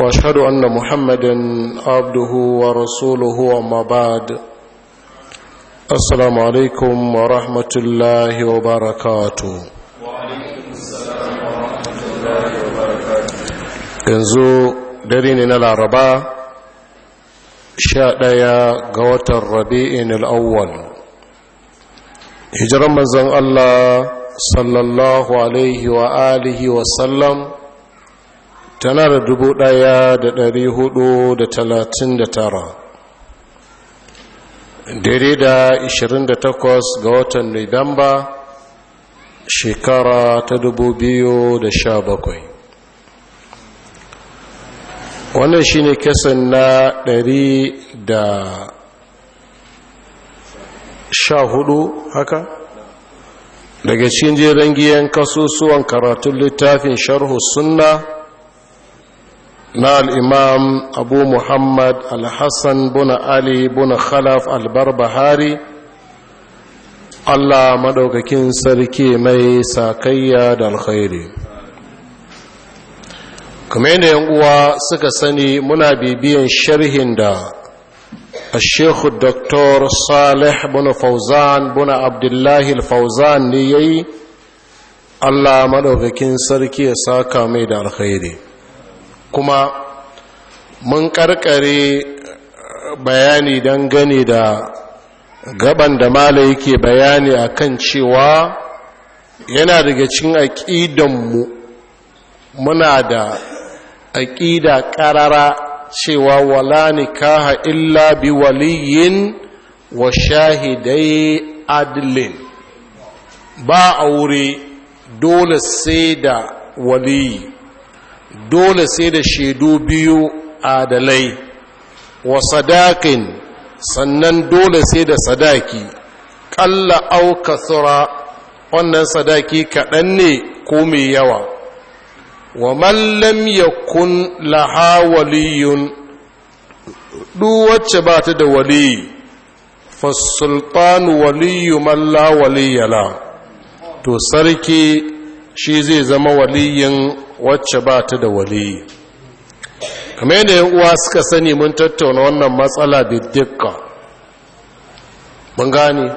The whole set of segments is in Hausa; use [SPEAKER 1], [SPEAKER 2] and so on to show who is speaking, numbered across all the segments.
[SPEAKER 1] واشهد ان محمدا عبده ورسوله وما بعد السلام عليكم ورحمه الله وبركاته yanzu dare ne na laraba sha ɗaya ga watan rabi'in al'awwal hijiran manzan allah sallallahu alaihi wa alihi tana da dubu ɗaya da dari hudu da talatin da tara daidai da ishirin da takwas ga watan nuwamba shekara ta dubu biyu da sha bakwai wannan shi ne kesan na dari da sha hudu haka daga cikin jiran giyan kasusuwan karatun littafin sharhu sunna na al'imam abu muhammad al-hassan buna ali buna khalaf al-barbahari allah maɗaukakin sarki mai sakayya da alkhairi kuma yanayin uwa suka sani muna bibiyan sharhin da الشيخ الدكتور buna Abdullahi Fauzan ne ya yi. Allah maɗaukakin Sarki ya saka mai da alkhairi. kuma mun karkare eh, bayani don gane da gaban da mala yake bayani akan cewa yana daga cikin aƙidanmu muna da aƙida ƙarara cewa wala nikaha illa bi waliyin wa shahidai adlin ba aure dole sai da waliyi dole sai da shaidu biyu adalai wa sadakin sannan dole sai da sadaki ƙalla auka tsura wannan sadaki kaɗan ne ko mai yawa wa mallam ya kun laha waliyun wacce ba ta da Fa sultan waliyu la waliyala to sarki shi zai zama waliyin wacce ba ta da waliyi kamar yadda yan uwa suka sani mun tattauna wannan matsala bidikka mun gane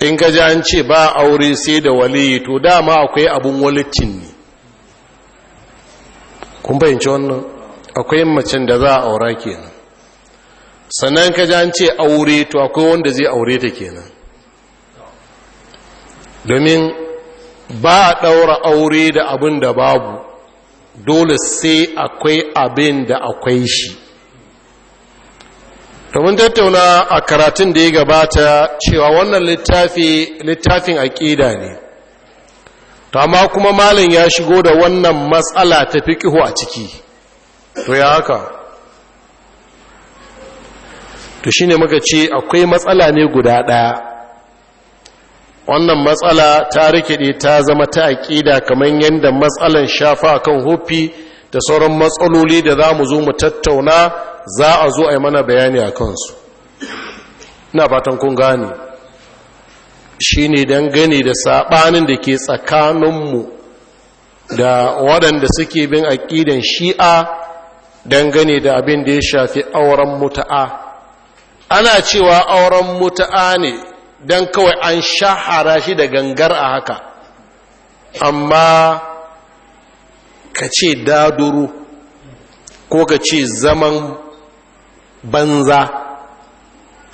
[SPEAKER 1] in gaji an ce ba aure sai da waliyi to dama akwai abun walicin ne kun fahimci wannan akwai macin da za a aura kenan sannan ka ji an ce aure to akwai wanda zai aure ta kenan domin ba a ɗaura aure da abin da babu dole sai akwai abin da akwai shi domin tattauna a karatun da ya gabata cewa wannan littafin littafin aƙida ne amma kuma malin ya shigo da wannan matsala ta kiho a ciki to ya haka to shine muka ce akwai matsala ne guda ɗaya wannan matsala ta rikide ta zama ta aƙida kamar yadda matsalan shafa kan hufi da sauran matsaloli da za mu zo mu tattauna za a zo a yi mana bayani a kansu na fatan kun gane shi ne dangane da saɓanin da ke tsakaninmu da waɗanda suke bin aƙidan shi'a dangane da abin da ya shafi auren muta'a? ana cewa auren muta'a ne don kawai an shahara shi da gangar a haka amma ka ce daduru ko ka ce zaman banza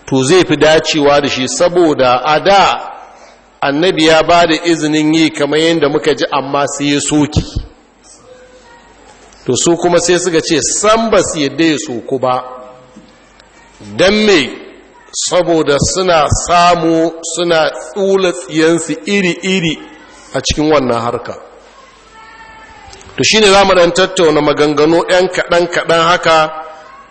[SPEAKER 1] to zai fi dacewa da shi saboda a da annabi ya ba da izinin yi kamar yadda muka ji amma sai ya soki to su kuma sai suka ce san ba su yadda ya soku ba don mai. saboda suna samu suna tsula tsiyansu iri-iri a cikin wannan harka to shi ne za mu ɗan tattauna maganganu ɗan kaɗan kaɗan haka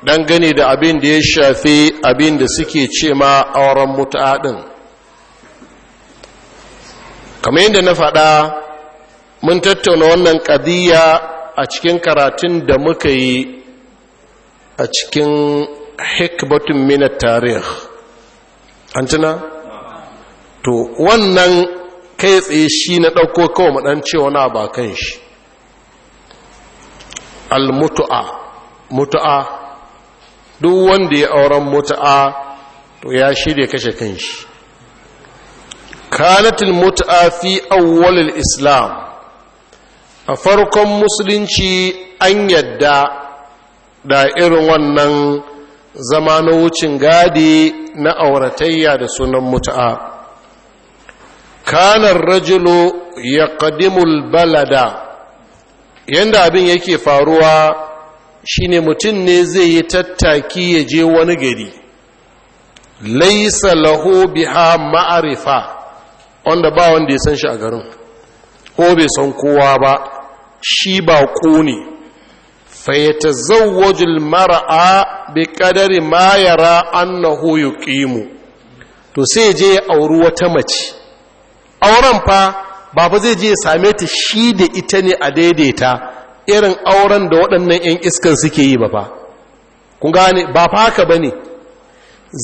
[SPEAKER 1] ɗan gani da abin da ya shafi abin da suke ce ma auren mutuadin. kamar yadda na faɗa mun tattauna wannan ƙadiyya a cikin karatun da muka yi a cikin hikbatun minar tarih an tuna to wannan kai tsaye shi na ɗauko kawai maɗan cewa na ba kan shi almutu'a mutu'a duk wanda ya auren mutu'a to ya shirya kashe kan shi Kanatin mutu'a fi awwalil islam a farkon musulunci an yadda da irin wannan zama na wucin gadi na auratayya da sunan mut'a kanar rajulu ya kadimul balada yadda abin yake faruwa shine mutum ne zai yi tattaki ya je wani gari laisa lahu biha ma'arifa wanda ba wanda ya san shi a garin ko bai san kowa ba shi ba ku ne فيتزوج المرأة بقدر ما يرى أنه يقيم to sai je ya auri wata mace auren fa baba zai je ya same ta shi da ita ne a daidaita irin auren da waɗannan 'yan iskan suke yi ba fa kun gane ba fa haka ba ne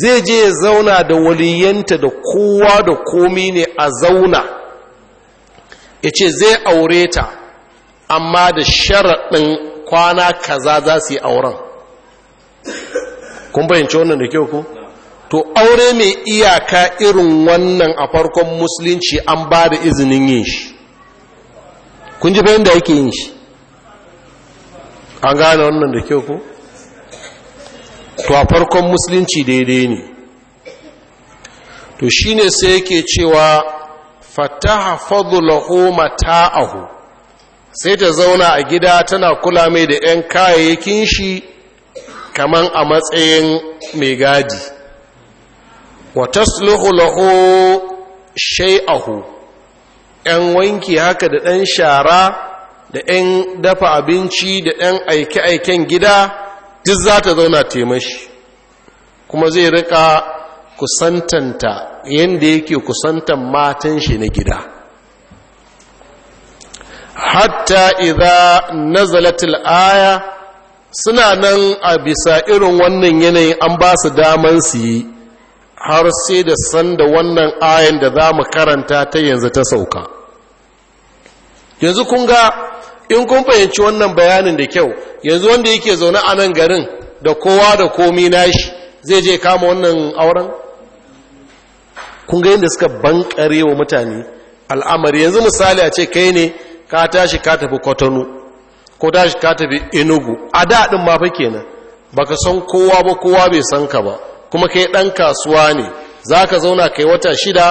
[SPEAKER 1] zai je ya zauna da waliyanta da kowa da komi ne a zauna ya ce zai aure ta amma da sharaɗin kwana kaza za su yi auren kun bayyance wannan da kyau ku? to aure mai iyaka irin wannan a farkon musulunci an ba da izinin yin shi kun ji bayan da yake yin shi an gane wannan da kyau ku? to a farkon musulunci daidai ne to shine sai yake cewa fataha fadlahu mata'ahu sai ta zauna a gida tana kula mai da 'yan kayayyakin shi kaman a matsayin mai gadi wa tasluhu lahu 'yan wanki haka da ɗan shara da 'yan dafa abinci da 'yan aike-aiken gida duk za ta zauna taimashi kuma zai rika kusantanta yadda yake kusantan matan shi na gida hatta idza nazalatil aya suna nan a bisa irin wannan yanayin an ba su daman su yi har sai da sanda wannan ayan da za mu karanta ta yanzu ta sauka yanzu kun ga in kun fahimci wannan bayanin da kyau yanzu wanda yake zaune a nan garin da kowa da komi nashi zai je kama wannan auren kun ga yadda suka bankare wa mutane al'amari yanzu misali a ce kai ne ka tashi ka tafi kwatano ko tashi ka tafi enugu a daɗin ma fa ba ka san kowa ba kowa bai san ka ba kuma kai ɗan kasuwa ne za ka zauna kai wata shida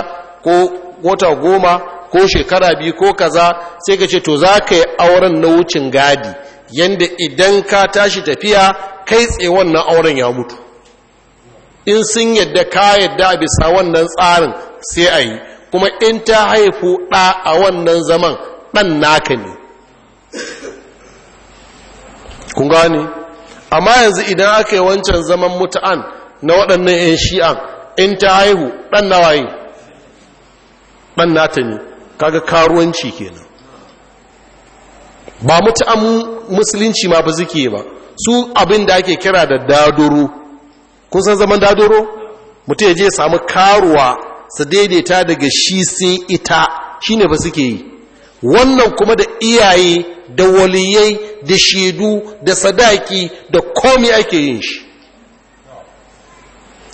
[SPEAKER 1] ko wata goma ko shekara biyu ko kaza sai ka ce to za ka yi auren na wucin gadi yadda idan ka tashi tafiya kai tsaye wannan auren ya mutu in sun yadda ka yadda a bisa wannan tsarin sai a yi kuma in ta haifu ɗa a wannan zaman ɗan naka ne kun gane amma yanzu idan aka yi wancan zaman mutu'an na waɗannan 'yan shi'an in ta haihu ɗan yi? ɗan nata ne kaga karuwanci kenan ba mutu'an musulunci ma ba zuke ba su abin da ake kira da dadoro kun san zaman dadoro mutu ya je samu karuwa su daidaita daga shi sai ita shi ne ba suke yi wannan kuma da iyaye da waliyai da shaidu da sadaki da komi ake yin shi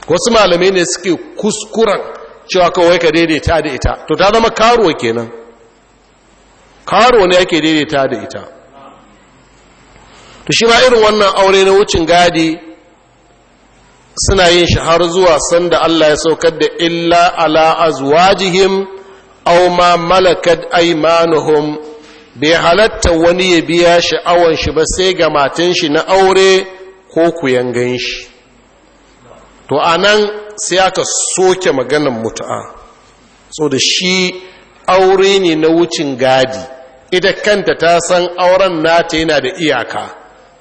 [SPEAKER 1] wasu malamai ne suke kuskuren cewa kawai ka daidaita da ita to ta zama karuwa kenan karuwa ne ake daidaita da ita to shi ma irin wannan aure na wucin gadi suna yin shi har zuwa sanda Allah ya saukar da illa ala azwajihim Auma ma malakat aymanuhum bai halarta wani ya biya sha'awan shi ba sai ga matan shi na aure ko kuyangan shi to anan sai aka soke maganan mutu'a so da shi aure ne na wucin gadi ita kanta ta san auren nata yana da iyaka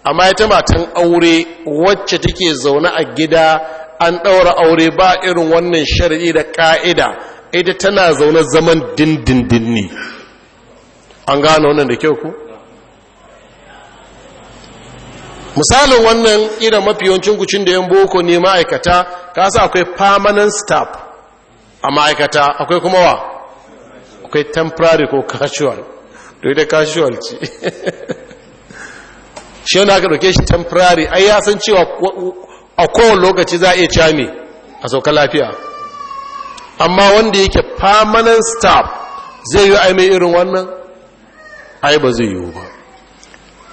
[SPEAKER 1] amma ita matan aure wacce take zaune a gida an ɗaura aure ba irin wannan shari'i da ƙa'ida ita tana zaune zaman dindindin ne an gano wannan da kyau ku misalin wannan irin mafi yawancin gucin da yan boko ne ma'aikata kasa akwai permanent staff a ma'aikata akwai kuma wa akwai temporary ko casual to ita casual ce shi yana aka ɗauke shi temporary ai ya san cewa a kowane lokaci za a iya cami a sauka lafiya amma wanda yake permanent staff zai yi aimai irin wannan ai ba zai yiwu ba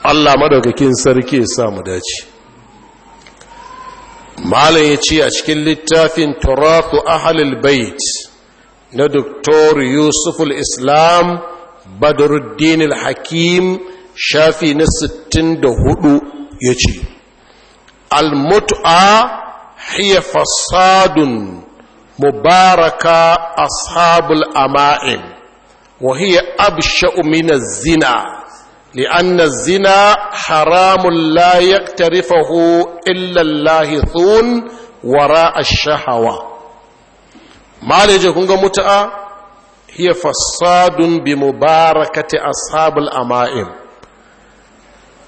[SPEAKER 1] allah madaukakin sarki ya samu dace malam ya ce a cikin littafin turatu ahalil bait na doktor yusuf islam badruddin hakim shafi na 64 ya ce al-mut'a hiya fasadun mubaraka ashabul ama'in wa hiya absha'u min az-zina لأن الزنا حرام لا يقترفه إلا اللاهثون وراء الشهوة ما لجي كنغا متأ هي فساد بمباركة أصحاب الأمائم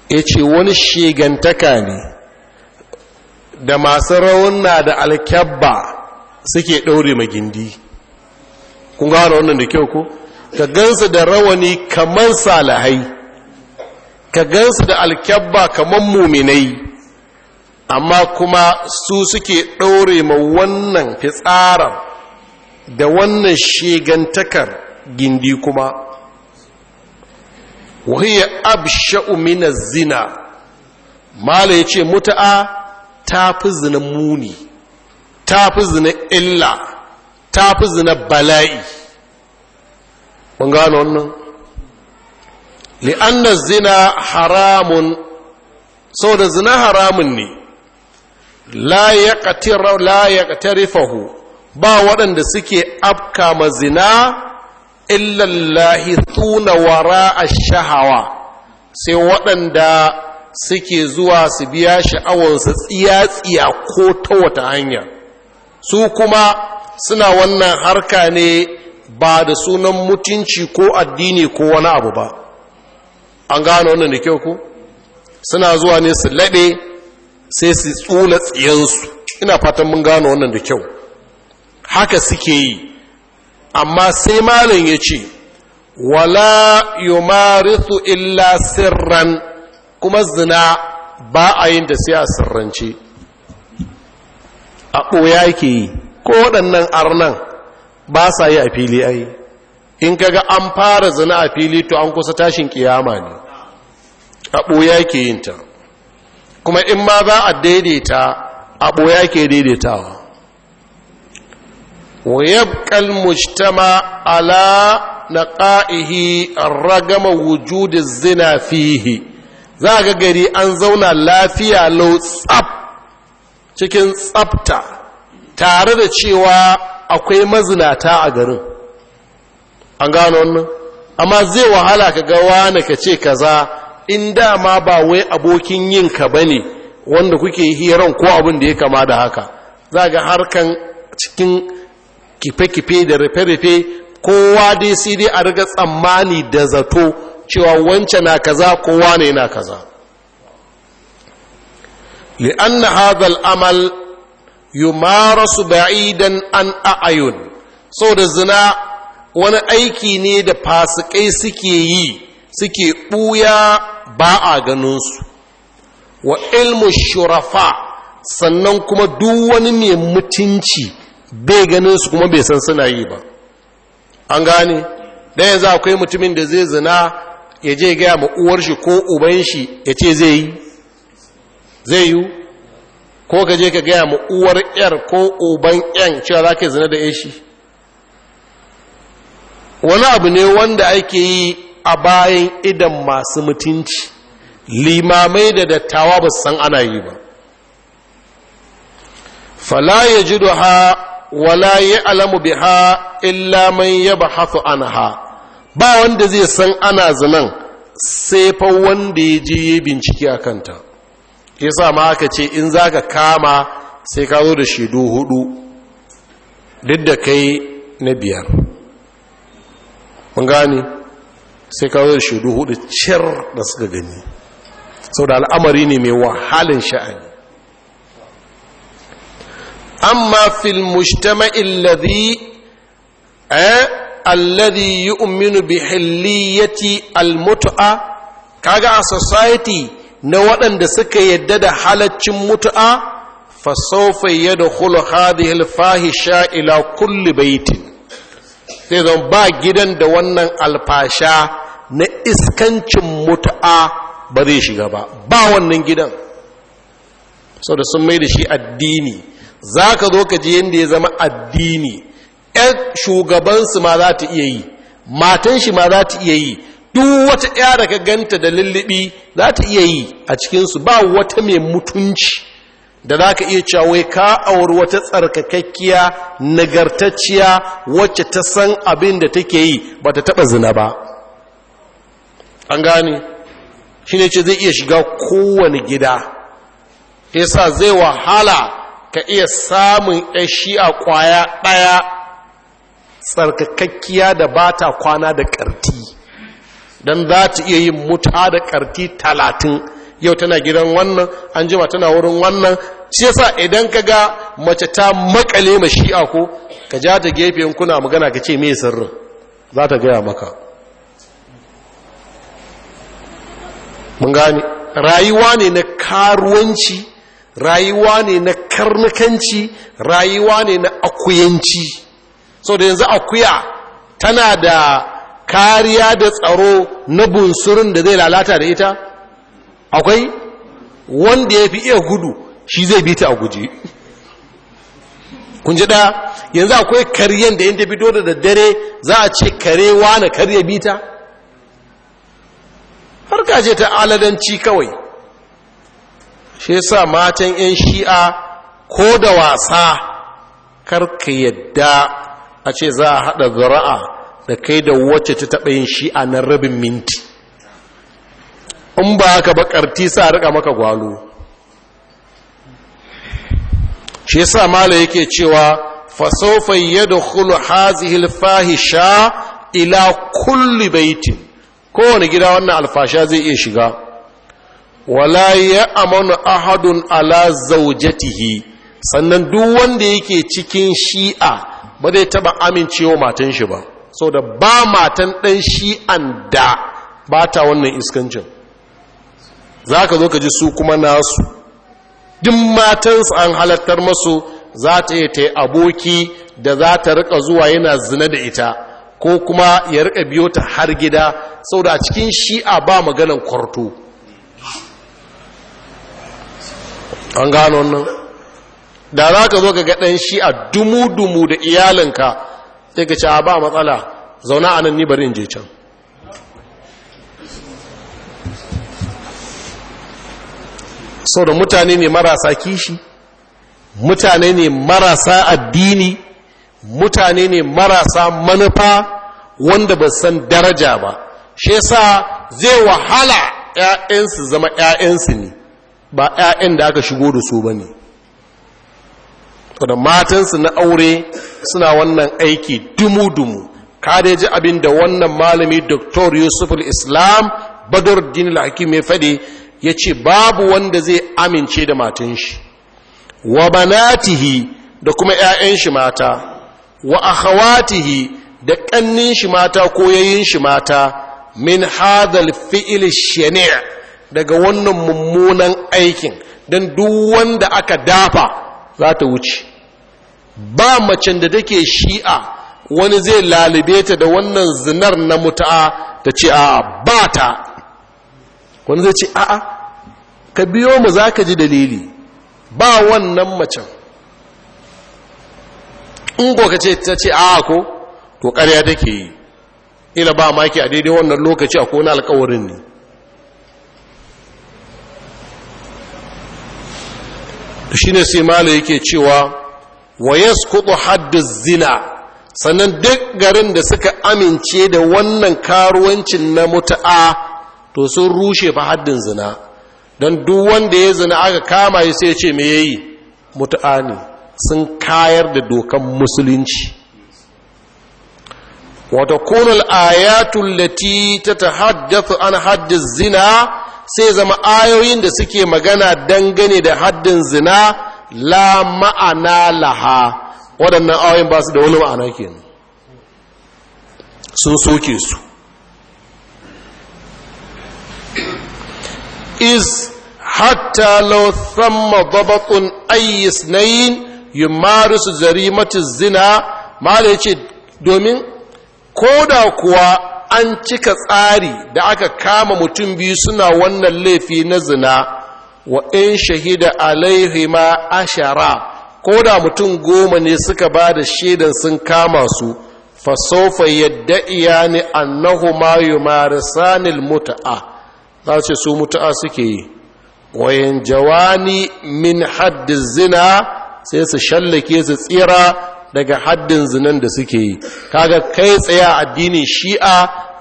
[SPEAKER 1] yace wani shigantaka ne da masu raunna da alkyabba suke ɗaure magindi kun gano wannan da kyau ko ka gansu da rawani kaman salahai ka gansu da alkyabba kaman muminai amma kuma su suke ɗaure ma wannan fitsarar da wannan shigantakar gindi kuma wahiyar absha'u mina zina mala ya ce mutu'a ta fi zina muni ta fi zina illa ta zina bala'i mun gano wannan li'anna zina haramun sau da zina haramun ne la ya ƙatarifahu ba waɗanda suke afka ma zina illallahi tuna wara a shahawa sai waɗanda suke zuwa su biya sha'awarsa tsiya-tsiya ko ta wata hanya su kuma suna wannan harka ne ba da sunan mutunci ko addini ko wani abu ba an gano wannan da kyau ku suna zuwa ne su laɗe sai su tsula tsiyansu ina fatan mun gano wannan da kyau haka suke yi amma sai malin ya ce wala yumarithu illa sirran kuma zina ba a yin da sai a sirrance a ɓoya yake yi ko waɗannan arnan ba sa yi a fili ai in kaga an fara zina a fili to an kusa tashin kiyama ne a ɓoya yake yin ta kuma in ma za a daidaita a ɓoya yake daidaitawa ويبقى mushtama na ƙa’ihi ragama wujudin zina fihi za ga gari an zauna lafiya lau tsab cikin tsafta tare da cewa akwai mazinata a garin an gano wannan amma zai wahala ka ga wani ka ce kaza in dama ba wai abokin yin ka bane wanda kuke hiran ko abin da ya kama da haka za ga harkan cikin kife-kife da rufe-rufe kowa dai sai dai a riga tsammani da zato cewa wancan na kaza kowa ne na kaza li'anna hadha al-amal yumarasu ba'idan an a'ayun saboda zina wani aiki ne da fasikai suke yi suke ɓuya ba a ganinsu wa ilmu shurafa sannan kuma duk wani mai mutunci bai ganin su kuma bai san suna yi ba an gane ɗaya za akwai mutumin da zai zina ya je gaya ma uwarshi ko ubanshi, shi ya ce zai yi zai yi ko ka je ka gaya ma uwar yar ko uban yan cewa za ka zina da 'yashi. wani abu ne wanda ake yi a bayan idan masu mutunci limamai da dattawa ba san ana yi ba fala ya ji ha wala ya alamu biha illa man ya ba ana ha. ba wanda zai san ana zinan sai fa wanda ya je bincike a kanta yasa ma aka ce in za ka kama sai ka zo da shaidu hudu duk da kai na biyar mun gani sai ka zo da shaidu hudu cir da suka gani sau da al'amari ne mai wahalin sha'ani amma fil mujtama'in ladhi yi eh, yu'minu bi hilliyati al-mut'a kaga a society na waɗanda suka yadda da halaccin mutu'a fasaufa yadda kula hadihil fahisha ila kulli baitin sai zan ba gidan da wannan alfasha na iskancin mutu'a ba zai shiga ba ba wannan gidan sau da sun mai da shi addini za ka zo ka ji yadda ya zama addini ‘yan shugabansu ma za ta iya yi matan shi ma za ta iya yi duk wata ɗaya da ka ganta da lullubi za ta iya yi a cikinsu ba wata mai mutunci da za ka iya cewa ka auri wata tsarkakakkiya nagartacciya wacce ta san abin da take yi ba ta taɓa zina ba an gane shi ne ce zai iya shiga kowane gida ta sa zai wahala ka iya samun yashi a kwaya ɗaya tsarkakakkiya da ba ta kwana da ƙarti don za ta iya yin muta da ƙarfi talatin yau tana gidan wannan an jima tana wurin wannan shi yasa idan ka ga mace ta makale ma shi a ko ka ja ta gefe kuna magana ka ce mai sirrin za ta gaya maka mun gane rayuwa ne na karuwanci rayuwa ne na karnukanci rayuwa ne na akuyanci so da yanzu akuya tana da kariya da tsaro na bunsurin da zai lalata da ita akwai wanda ya fi iya gudu shi zai bi ta a guji kun ji ɗaya yanzu akwai karyen da inda fito da daddare za a ce karewa na karya bi ta harka ce ta aladanci kawai shi sa matan 'yan shi'a ko da wasa karka yadda a ce za a haɗa zara'a da kai da wacce ta taɓa yin shi a nan rabin minti in ba haka ba ƙarti sa riƙa maka gwalo shi sa mala yake cewa fasofai yadda hulu hazihil fahisha ila kulli baitin kowane gida wannan alfasha zai iya shiga wala ya amanu ahadun ala zaujatihi sannan duk wanda yake cikin shi'a ba zai taɓa amincewa matan shi ba sau da ba matan ɗan shi'an da ba ta wannan iskancin za ka zo ka ji su kuma nasu duk matansu an halattar masu za ta yi ta aboki da za ta rika zuwa yana zina da ita ko kuma ya rika biyo ta har gida sau da cikin shi'a ba maganan kwarto an gano nan da za ka zo ka ga ɗan shi'a dumu-dumu da iyalinka sai ka ce a ba matsala zauna a nan ni bari in je can sau da mutane ne marasa kishi mutane ne marasa addini mutane ne marasa manufa wanda ba san daraja ba shi sa zai wahala 'ya'yansu zama 'ya'yansu ne ba 'ya'yan da aka shigo da su ba ne to da matansu na aure suna wannan aiki dumu-dumu ka da ji abin da wannan malami Dr. yusuf islam badar din hakim ya fade ya ce babu wanda zai amince da matan shi wa banatihi da kuma 'ya'yan shi mata wa akhawatihi da ƙannin shi mata ko yayin shi mata min hadhal fi'il shani' daga wannan mummunan aikin dan duk wanda aka dafa za ta wuce ba macen da take shi'a wani zai lalube ta da wannan zinar na mutu'a ta ce a ba ta wani zai ce a'a ka biyo mu za ka ji dalili ba wannan macen in ka ce ta ce a'a ko to karya take yi ila ba maki a daidai wannan lokaci a kone alkawarin ne shi ne sai malo yake cewa wa yasqutu haddu zina sannan duk garin da suka amince da wannan karuwancin na mutu'a to sun rushe fa haddin zina don duk wanda ya zina aka kama ya sai ce me yayi mutu'a ne sun kayar da dokan musulunci wata lati ta ta haddasa an حد zina sai zama ayoyin da suke magana dangane da haddin zina la ma'ana laha waɗannan ayoyin ba su da wani ma'ana kenan sun soke su is hatta law thamma dabatun ayyis nayin yumarisu jarimatu zina da yace domin koda kuwa an cika tsari da aka kama mutum biyu suna wannan laifi na zina wa in shahida ma ashara ko da mutum goma ne suka ba da shaidan sun kama su fasofa yadda iya ne annahu ma yi marisanil mutu'a za ce su mutu'a suke yi wayan jawani min haddin zina sai su shallake su tsira daga haddin zinan da suke yi kaga kai tsaya addinin shi'a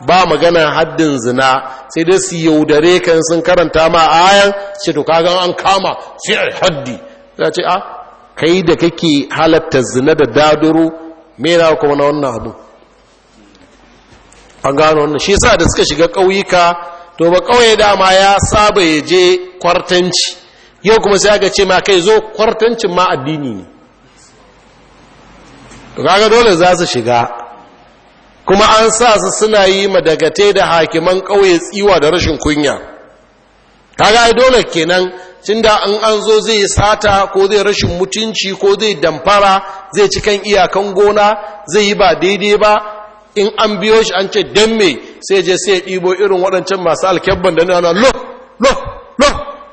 [SPEAKER 1] ba magana haddin zina sai dai su yaudare kan sun karanta ma ayan shi to kaga an kama sai a haddi za ce a ah, kai da kake halatta zina da daduru yana kuma na wannan abu an gano wannan shi sa da suka shiga ƙauyuka to ba ƙauye dama ya saba ya je kwartanci yau kuma sai aka ce ma kai zo kwartancin ma addini ne kaga dole za su shiga kuma an sa su suna yi madagate da hakiman ƙauye tsiwa da rashin kunya kaga dole kenan tunda an an zo zai sata ko zai rashin mutunci ko zai damfara zai ci kan iyakan gona zai yi ba daidai ba in an biyo shi an ce don me sai je sai ɗibo irin waɗancan masu alkyabban da nuna lo lo lo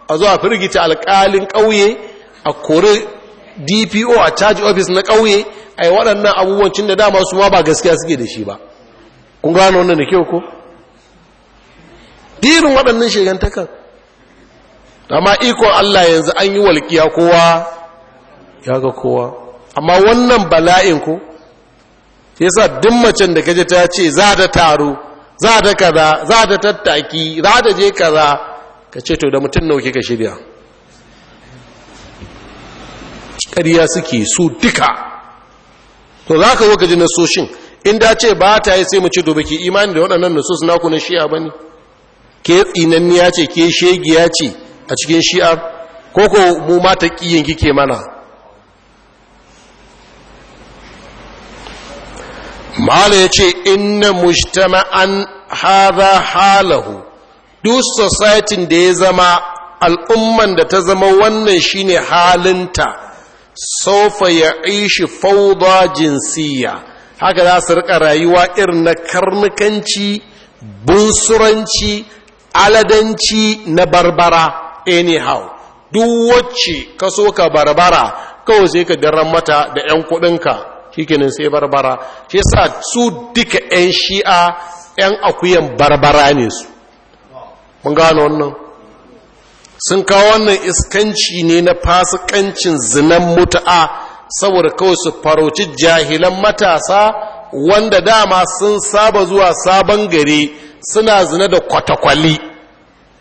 [SPEAKER 1] a zo a firgita alkalin ƙauye a kori dpo a caji ofis na ƙauye ai waɗannan abubuwan cin da dama su ma ba gaskiya suke da shi ba kun gano wannan da kyau ko dirin waɗannan shigantakan amma ikon Allah yanzu an yi walƙiya kowa ya ga kowa amma wannan bala'in ko sa duk macen da kaje ta ce za ta taro za ta kaza za ta tattaki za ta je kaza ka ce to da mutum nawa ka shirya ƙarya suke su duka to za ka zo ka nasoshin in da ce ba ta yi sai mu ci dobe baki imani da waɗannan nasos ku na shi'a ba ne ke tsinanniya ce ke shegiya ce a cikin shi'a ko ko mu mata ƙiyin kike mana mala ya ce inna an haza halahu duk society da ya zama al'umman da ta zama wannan shine halinta sofa ya aishi fauda jinsiya haka za su rika rayuwa irin na karnukanci bunsuranci aladanci na barbara anyhow duk wacce ka so ka barbara kawai sai ka garan mata da 'yan kudinka shikenan sai barbara shi sa su duka 'yan shi'a 'yan akuyan barbara ne su mun gano wannan sun kawo wannan iskanci ne na fasikancin zinan mutu'a saboda kawai su farauci jahilan matasa wanda dama sun saba zuwa sabon gari suna zina da kwatakwali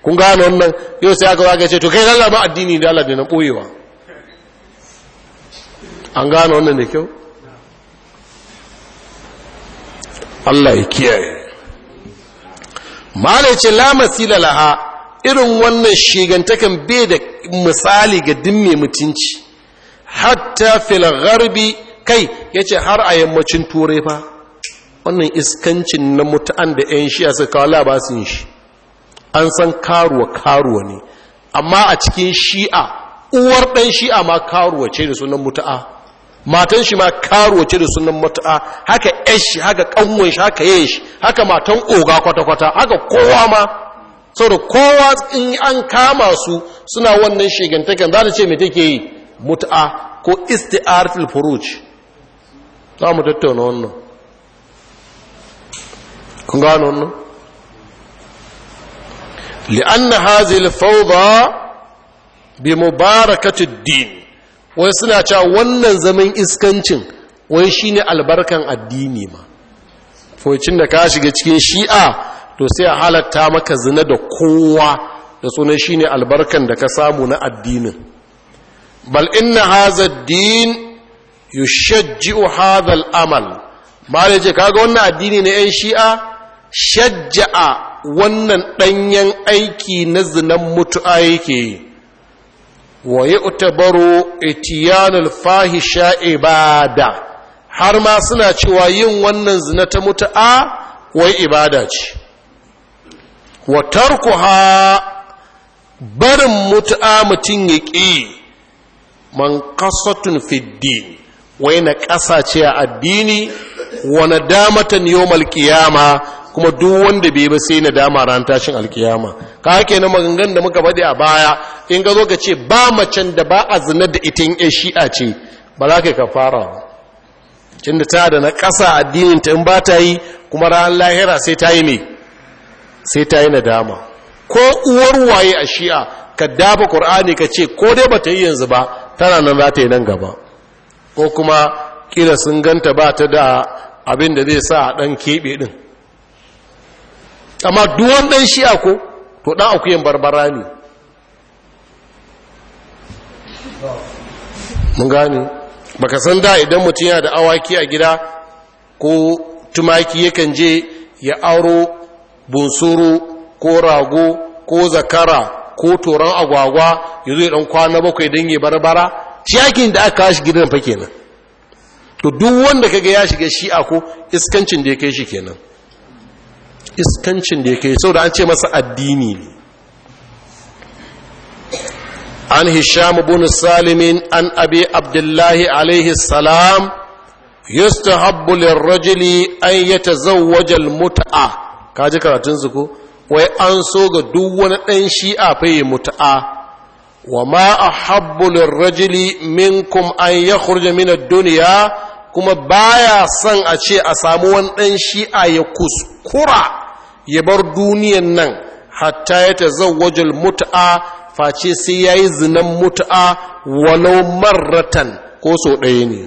[SPEAKER 1] kun gano wannan yau sai aka zaga ce to kai zama addini da Allah na ɓoyewa an gano wannan da kyau Allah ya kiyaye malai ce la masila laha irin wannan shigantakan bai da misali ga dimme mutunci hatta fil gharbi kai yace har a yammacin turai fa wannan iskancin na mutu'an da yan shi suka kawo labasin shi an san karuwa karuwa ne amma a cikin shi'a uwar dan shi'a ma karuwa ce da sunan mutu'a matan shi ma karuwa ce da sunan mutu'a haka yashi haka kanwan shi haka yayin shi haka matan oga kwata kwata haka kowa ma saboda kowa in an kama su suna wannan shigantakan za ta ce mai take yi mut'a ko isti'ar fil furuj za mu tattauna wannan kun gano wannan li'anna hazil fawda bi mubarakatid din wai suna cewa wannan zaman iskancin wai shine albarkan addini ma focin da ka shiga cikin shi'a to sai a halatta maka zina da kowa da sunan shi ne albarkan da ka samu na addinin bal inna haza din yushajji'u hadha al-amal malai ce kaga wannan addini na yan shi'a shajja'a wannan ɗanyen aiki na zinan mutu'a yake yi wa yu'tabaru fahisha ibada har ma suna cewa yin wannan zina ta mutu'a wai ibada ce wa ha barin mutu'a mutum ya ƙi man kasatun fiddin wai na ƙasa ce a addini wa damatan yau malkiyama kuma duk wanda bai ba sai na dama ran tashin alkiyama ka hake na magangan da muka bade a baya in ga zo ka ce ba macen da ba a zina da itin in shi'a ce ba za ka fara. ba da ta da na ƙasa addinin ta in ba ta yi kuma ran lahira sai ta yi ne sai ta yi nadama ko uwar waye a shi'a ka dafa ƙur'ani ka ce ko dai ba ta yi yanzu ba tana nan za ta yi nan gaba ko kuma kila sun ganta ba ta da abin da zai sa a ɗan keɓe ɗin amma duwan ɗan shi'a ko to ɗan akuyan barbara ne mun gane baka san da idan mutum yana da awaki a gida ko tumaki yakan je ya aro bunsuru ko rago ko zakara ko toron agwagwa ya zo ɗan kwana bakwai don yi barbara shi yakin da aka shi gidan fa kenan to duk wanda kaga ya shiga shi'a ko iskancin da ya kai shi kenan iskancin da ya kai sau da an ce masa addini ne an hisham bin salimin an abi abdullahi alaihi salam yustahabbu rajili. an yatazawwaja almut'a ka ji su ko wai an so ga duk wani ɗan shi'a fayi mutu'a wa ma a habbulin rajili minkum an ya kurje minar duniya kuma baya son a ce a samu wani ɗan shi'a ya kuskura ya bar duniyan nan hatta ya ta zawajin mutu'a face sai ya yi zinan mutu'a walau marratan ko sau ɗaya ne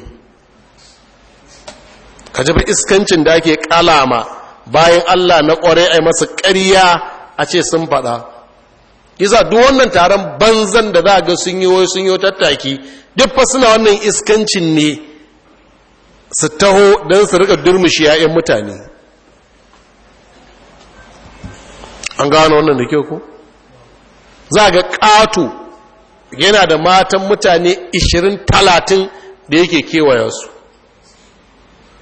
[SPEAKER 1] ka ji iskancin da ake kalama bayan Allah na ƙware a masu ƙarya a ce sun faɗa isa duk wannan taron banzan da za ga sun yi sun yi tattaki duk fa suna wannan iskancin ne su taho don su rika durmushi yayan mutane an gano wannan da kyau ko za ga ƙato yana da matan mutane 20-30 da yake kewaya su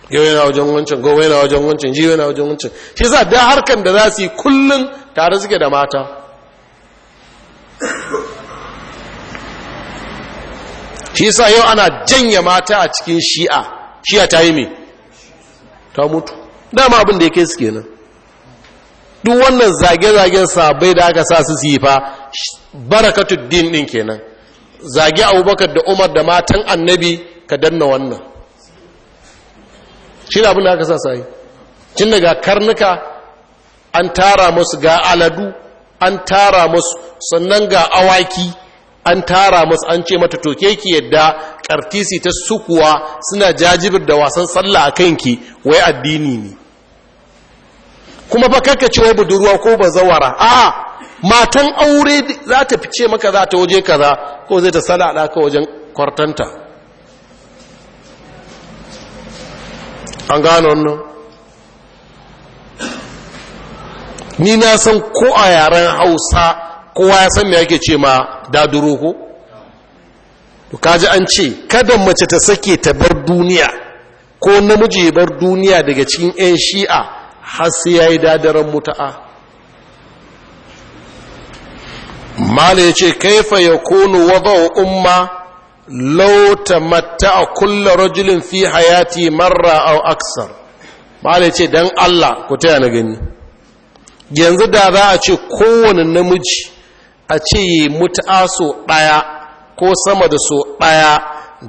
[SPEAKER 1] yau yana wajen wancan gowa yana wajen wancan jiyo yana wajen wancan shi sa da harkan da za su yi kullum tare suke da mata shi sa yau ana janya mata a cikin shi'a shi'a ta yi mai ta mutu dama abin da ya kai su kenan duk wannan zage-zagen sabai da aka sa su yi fa barakatuddin din kenan zage abubakar da umar da matan annabi ka danna wannan shi da abin aka sa sa yi daga karnuka an tara musu ga aladu an tara masu sannan ga awaki an tara masu an ce mata toke ki yadda kartisi ta sukuwa suna jajibir da wasan sallah a kanki wai addini ne kuma ba kakka ce wai budurwa ko ba zawara a matan aure za ta fice maka za ta waje kaza ko zai ta salada wajen kwartanta an gano wannan ni na san ko a yaren hausa kowa ya san me yake ce ma daduro ko to kaji an ce kada mace ta sake ta bar duniya ko namiji ya bar duniya daga cikin 'yan shi'a har sai ya yi dadaran muta'a mala ya ce kaifa ya kono wadda umma law tamatta'a kullu rajulin fi hayati mara aw aksar malai ce dan Allah ku taya na gani yanzu da za a ce koWani namiji a ce yi mut'a so ɗaya ko sama da so ɗaya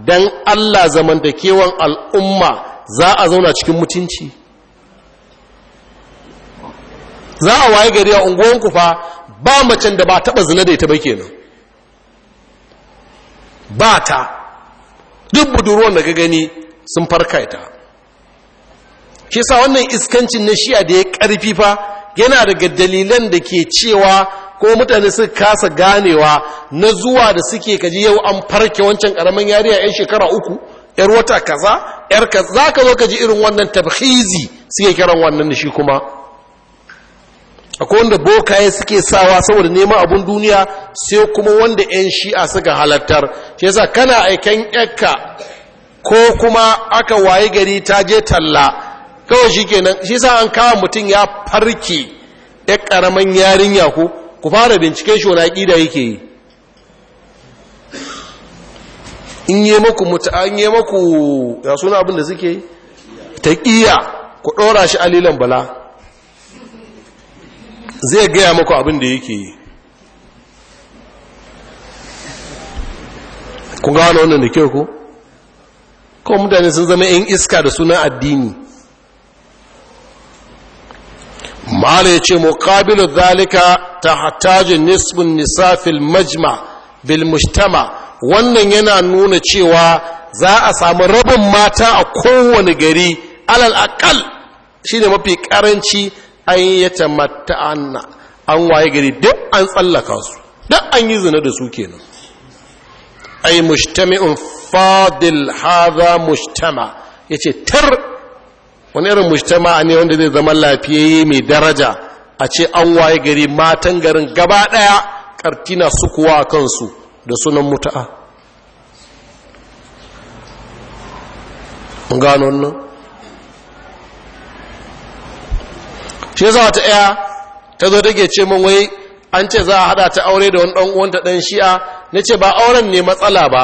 [SPEAKER 1] dan Allah zamantakewan al'umma za a zauna cikin mutunci za a waye gari a unguwanku fa ba macen da ba taɓa zina da ita ba kenan ba ta duk budurwar da gani sun farka ita shi sa wannan iskancin na shi'a da ya karfi fa yana daga dalilan da ke cewa ko mutane suka kasa ganewa na zuwa da suke kaji yau an farke wancan karamin yariya yan shekara uku yar wata kaza yar kaza ka zo ka ji irin wannan tabhizi suke kiran wannan da shi kuma akwai wanda bokaye suke sawa saboda neman abun duniya sai kuma wanda 'yan shi'a suka halattar shi yasa kana aikan yakka ko kuma aka waye gari ta je talla kawai shi kenan shi yasa an kawo mutum ya farke ya karaman yarinya ku. ku fara binciken shi wani aƙida yake yi in yi maku mutu an yi maku ya suna abin da suke ku ɗora shi alilan bala zai gaya muku abin da yake yi ku gano wannan da kyau ku. kuma mutane sun zama 'yan iska da suna addini mala ya ce muqabilu zalika ta hataji nisbin nisafil majma bil wannan yana nuna cewa za a samu rabin mata a kowane gari alal akal shine mafi karanci an yi ta mata'anna an waye gari duk an tsallaka su duk an yi zina da su kenan ai mujtami'un fadil haza mustama' yace tar wani irin mujtama ne wanda zai zama lafiyayye mai daraja a ce an waye gari matan garin gaba daya kartina su kuwa kansu da sunan mutu'a. mun gano wannan shi yasa ta ɗaya ta zo dage ce min wai an ce za a hada ta aure da wani ɗan uwanta ɗan shi'a na ce ba auren ne matsala ba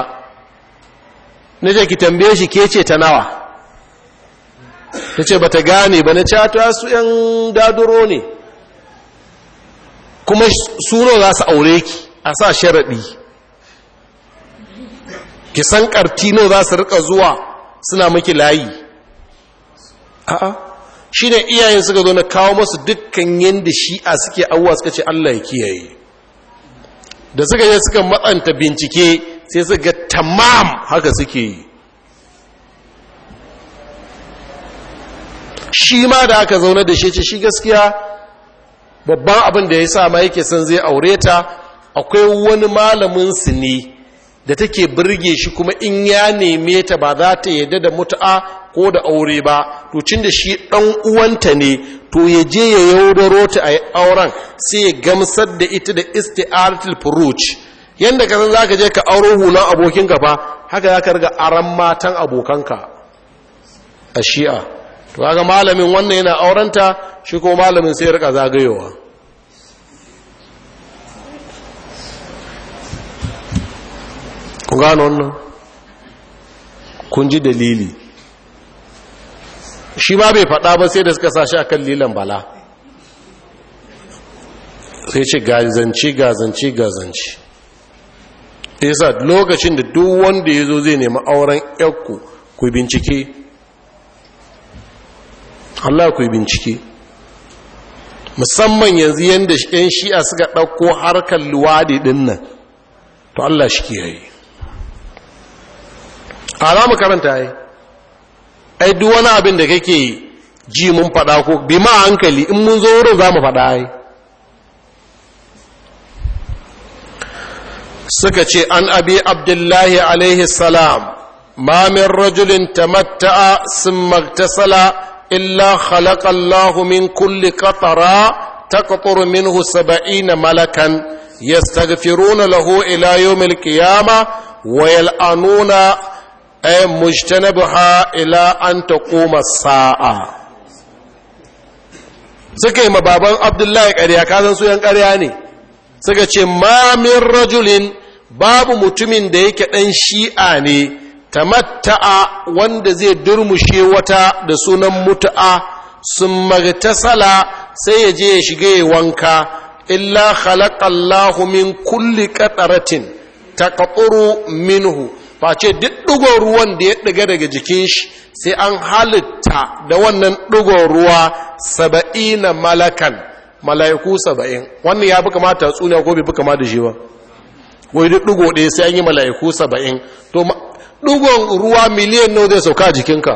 [SPEAKER 1] na ce ki tambaye shi ke ce ta nawa ta ce ba ta gane ba na ce ta su ‘yan daduro ne kuma suno za su aure ki a sa sharaɗi ki san ƙartino za su rika zuwa suna maki layi a'a shi ne iyayen suka zo na kawo masu dukkan yadda shi'a suke awwa suka ce allah ya kiyaye da suka yi suka matsanta bincike sai suka tamam haka suke yi shi ma da aka zaune da shi ce shi gaskiya babban abin da ya sa ma yake son zai aure ta akwai wani malamin su ne da take birge shi kuma in ya neme ta ba za ta yadda da mutu'a ko da aure ba to cin da shi ɗan uwanta ne to ya je ya yaudaro ta a auren sai ya gamsar da ita da isti'aratul furuj yanda ka san zaka je ka auro hulan ka fa haka zaka riga aran matan abokanka a shi'a to kaga malamin wannan yana aurenta shi ko malamin sai ya zagayowa ku gano wannan kun ji dalili shi ma bai faɗa ba sai da suka sa a kan lilan bala sai ce gazanci gazanci gazanci yasa lokacin da duk wanda ya zo zai nemi auren yakku ku bincike Allah ku bincike musamman yanzu yadda yan shi'a suka ɗauko harkar luwaɗi ɗin nan to Allah shi ke a Alamu karanta yi ai duk wani abin da kake ji mun faɗa ko bi ma hankali in mun zo wurin za mu faɗa ai suka ce an abi abdullahi alaihi salam ma min rajulin tamatta'a sun magtasala illa khalaqa Allah min kulli qatara taqtur minhu saba'ina malakan yastaghfiruna lahu ila yawmil qiyamah wa ay mujtanabaha ila an taquma sa'a suka yi ma baban abdullahi ƙarya kasan su yan ƙarya ne suka ce mamin rajulin babu mutumin da yake ɗan shi'a ne tamatta'a wanda zai durmushe wata da sunan mutu'a sun magtasala sai ya je ya shiga ya wanka illa khalaƙallahu min kulli ta taqturu minhu face duk ɗigon ruwan da ya ɗiga daga jikin shi sai an halitta da wannan ɗigon ruwa saba'i na malakan mala'iku saba'in wannan ya buka mata tsuniya ko bai buka kama da shi ba wai duk ɗigo ɗaya sai an yi mala'iku saba'in to ɗigon ruwa miliyan nau zai sauka a jikinka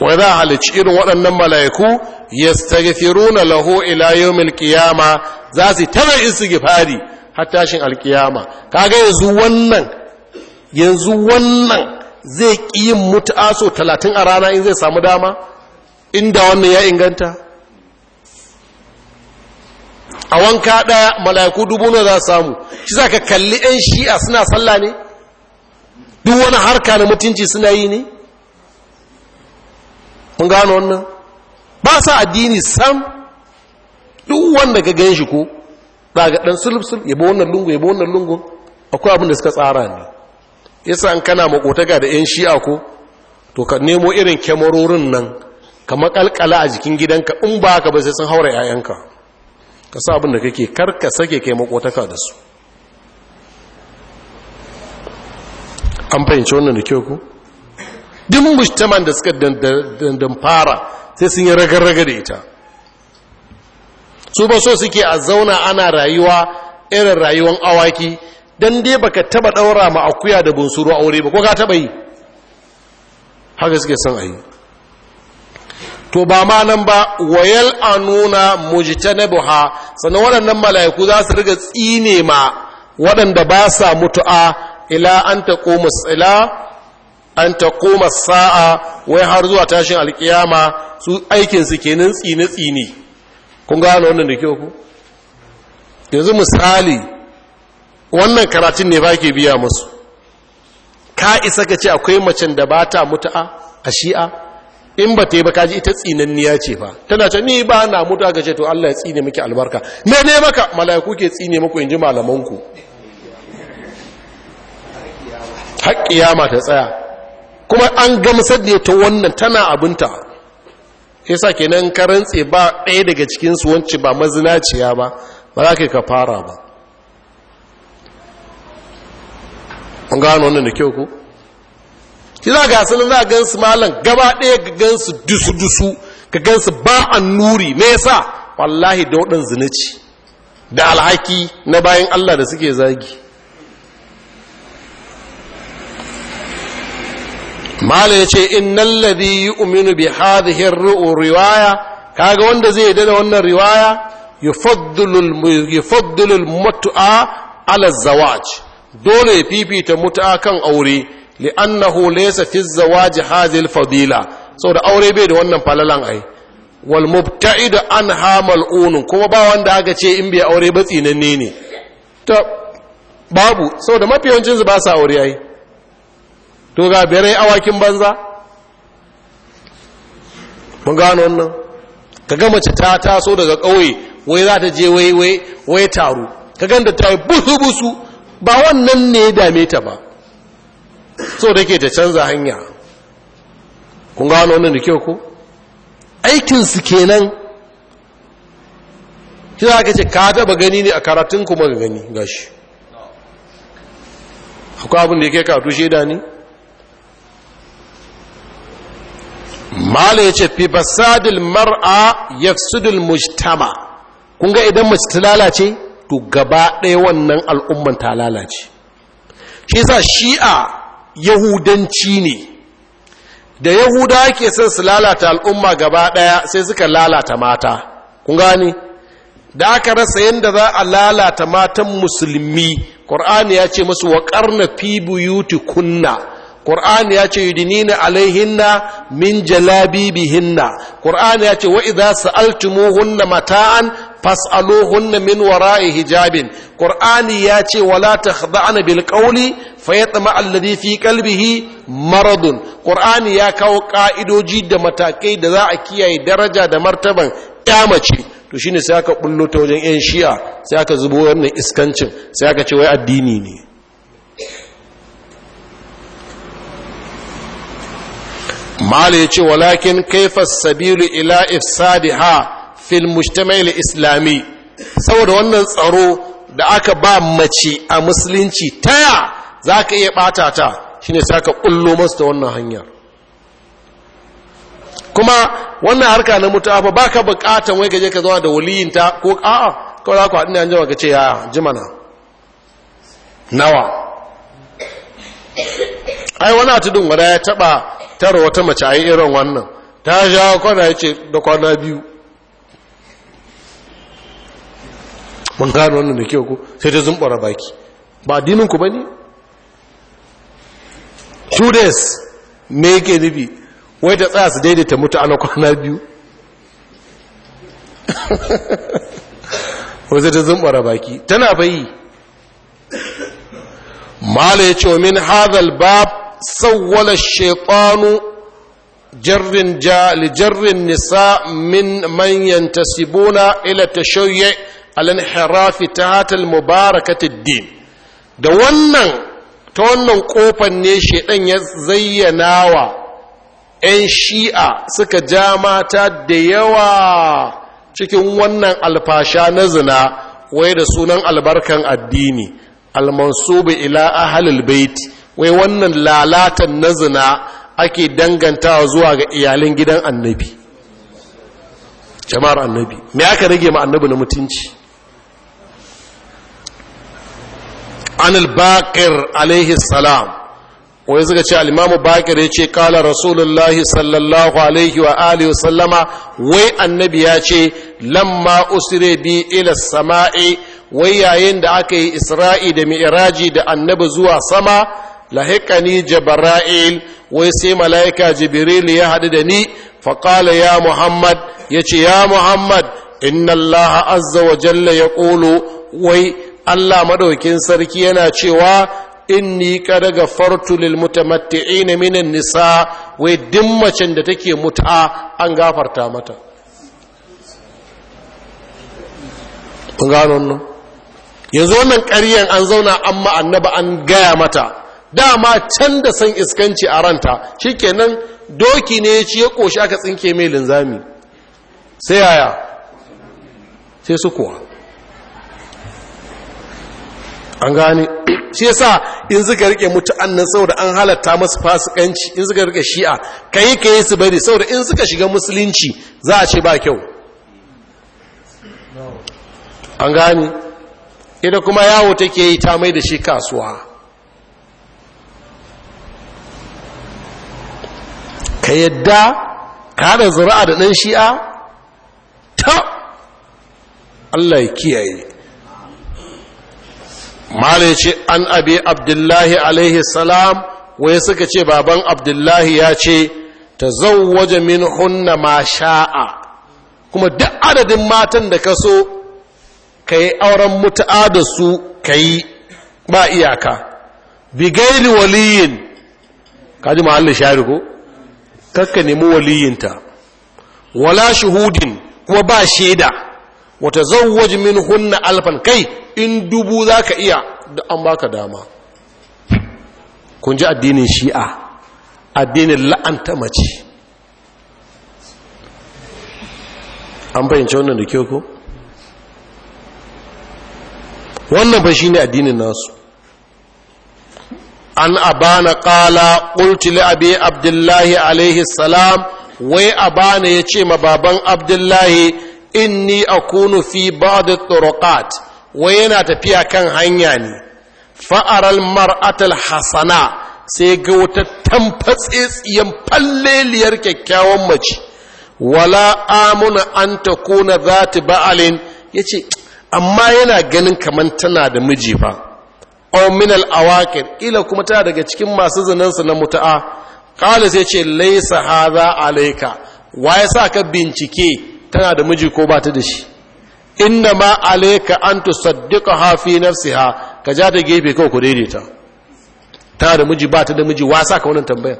[SPEAKER 1] wai za a halicci irin waɗannan mala'iku yastaghfiruna lahu ila yawmil qiyama za su tara gifari har tashin alkiyama kaga yanzu wannan yanzu wannan zai ƙi yin mutu'a so talatin a rana in zai samu dama inda wannan ya inganta a wanka ɗaya mala'iku dubu ne za samu shi za ka kalli 'yan shi'a suna sallah ne duk wani harka na mutunci suna yi ne mun gano wannan ba sa addini sam duk wanda ka gan shi ko daga dan sulub sulub yabo wannan lungu yabo wannan lungu akwai abin da suka tsara ne yasa an kana makotaka da yan shi'a ko to ka nemo irin kyamarorin nan ka makalkala a jikin gidanka in ba ka ba sai sun haura 'ya'yanka ka sa abin da kake kar ka sake kai makotaka da su an fahimci wannan da kyau ku duk mujtaman da suka dandan sai sun yi ragar-raga da ita su ba so suke a zauna ana rayuwa irin rayuwan awaki don dai baka taba ɗaura ma akuya da bunsuru aure ba ko ka taba yi haka suke son a yi to ba ma nan ba wayal na buha, sannan waɗannan mala'iku za su riga tsine ma waɗanda ba sa mutu'a ila an koma tsila an koma sa'a wai har zuwa tashin alkiyama su aikinsu kenan tsine tsine kun gano wannan da kyau ku yanzu misali wannan karatun ne ba ke biya musu ka isa ka ce akwai macen da ba ta mutu'a a shi'a in ba ta yi ba kaji ita tsinanniya ce ba. tana ce ni ba na mutu'a ga ce to Allah ya tsine miki albarka me ne maka mala'iku ke tsine muku in ji malamanku haƙƙiyama ta tsaya kuma an gamsar da ta wannan tana abinta sa kenan ka rantse ba ɗaya daga cikin suwanci ba mazinaciya ba ba za ka ka fara ba an gano wannan da kyau ko shi za ga sunan za gan su malam gaba ɗaya ga gansu dusu dusu ga gansu ba an nuri me sa, wallahi da waɗan zinaci da alhaki na bayan Allah da suke zagi mala ya ce innan ladhi yu'minu bi hadhihi riwaya kaga wanda zai yarda wannan riwaya yufaddilu mutu'a muta ala zawaj dole ya fifita mut'a kan aure li'annahu laysa fi zawaji hadhihi al-fadila saboda aure bai da wannan falalan ai wal mubta'id anha unun kuma ba wanda aka ce in bai aure ba tsinanne ne to babu saboda mafiyancin su ba sa aure ai to ga bere awakin banza mun gano wannan ka ga mace ta taso daga ƙauye wai za ta je wai wai wai taro ka ganda ta busu busu ba wannan ne ya dame ta ba so da ke ta canza hanya kun gano wannan da kyau ko aikinsu kenan shi za ka ce ka taba gani ne a karatun kuma gani gashi akwai abin da ya kai katu da ni mala ya ce fi basadil mar'a yafsudul mujtama kun ga idan mace ta lalace to gaba ɗaya wannan al'umman ta lalace shi yasa shi'a yahudanci ne da yahuda ke son su lalata al'umma gaba ɗaya sai suka lalata mata kun gani da aka rasa yadda za a lalata matan musulmi ƙur'ani ya ce masu waƙar na fi buyuti kunna Qur'an ya ce yudinina alaihinna min jala bibi hinna. Qur'an ya ce wa idza sa'altumuhunna mata'an fas'aluhunna min wara'i hijabin Qur'ani ya ce wala takhda'na bil qawli fayatma alladhi fi qalbihi maradun Qur'ani ya kawo ƙa'idoji da matakai da za a kiyaye daraja da martaban mace. to shine sai aka bullo ta wajen yan shi'a sai aka zubo wannan iskancin sai aka ce wai addini ne mala ya ce walakin kaifas sabilu ila ifsadiha fil mujtama'il islami saboda wannan tsaro da aka ba mace a musulunci taya za ka iya bata ta shine saka ka kullo masu ta wannan hanya kuma wannan harka na mutuwa fa baka bukatan wai gaje ka zama da waliyinta ko a'a kawai za ku haɗu ne an jima ka ce ya jimana nawa ai wani tudun wada ya taɓa tara wata mace a yi irin wannan ta sha kwana ya ce da kwana biyu mun gano wannan da kyau ku sai ta zumbara baki ba dininku ba ne two days me yake nufi wai ta tsaya su daidaita mutu ana kwana biyu Wai sai ta zumbara baki tana bayi mala ya ce wa min hadal bab سول الشيطان جر جاء لجر nisa من من ينتسبون ila تشيع الانحراف تحت tahta الدين da wannan ta wannan kofan ne shaidan ya zayyana wa 'yan shi'a suka ja mata da yawa cikin wannan alfasha na zina wai da sunan albarkan addini almansubi ila ahalul baiti wai wannan lalatan na zina ake danganta zuwa ga iyalin gidan annabi jama'ar annabi me aka rage ma annabi na mutunci an al alaihi salam wai suka ce alimamu baƙir ya ce kala rasulullah sallallahu alaihi wa alihi sallama wai annabi ya ce lamma usire bi ila sama'i wai yayin da aka yi isra'i da mi'iraji da annabi zuwa sama lahikani Jibra'il wai sai mala'ika jibril ya haɗu da ni faƙala ya muhammad ya ce ya muhammad inna allaha azza wa jalla ya ƙolo wai allah maɗaukin sarki yana cewa inni kada ga fartulil mutamatti'ina minan nisa wai dimmacin da take mut'a an gafarta mata yanzu wannan ƙaryan an zauna amma annaba an gaya mata dama can da san iskanci a ranta shi kenan doki ne ya ci ya ƙoshi aka tsinke mai linzami sai yaya sai su kuwa an gane shi yasa in suka rike nan saboda an halatta masu fasikanci in suka rike shi'a kai kai su bari saboda in suka shiga musulunci za a ce ba kyau an gane ita kuma yawo take yi ta mai da shi kasuwa ka yadda ka haɗa zura'a da ɗan shi'a ta Allah ya kiyaye mala ya ce an abi abdullahi alaihi salam wai suka ce baban abdullahi ya ce ta waje min hunna ma sha'a kuma duk adadin matan da ka so ka yi auren mutu'a da su ka yi ba iyaka bigaili waliyin kaji ma'allin shari ko kakka nemi waliyinta wala shahudin kuma ba shaida wata zawwaj min hunna alfan kai in dubu za ka iya da an baka dama kun ji addinin shi'a addinin la'anta mace an fahimci wannan da ke ko wannan ba shi ne addinin nasu an abana kala qultu li abi abdullahi alaihi salam wai abana ya ce ma baban abdullahi inni akunu fi da turuqat wai yana tafiya kan hanya ne fa'aral mar'atal hasana sai ga wata tamfatsetsiyan falleliyar kyakkyawan mace wala amuna an ta kona za ta ba'alin ya ce amma yana ganin kamar tana da miji aw min al awaqir ila kuma tana daga cikin masu zinansa na muta'a qala sai ce laysa hadha alayka wa yasa ka bincike tana da miji ko ba ta da shi inna ma alayka an tusaddiqaha fi nafsiha ka ja ta gefe kawai ku daidaita tana da miji ba ta da miji wa yasa ka wannan tambayar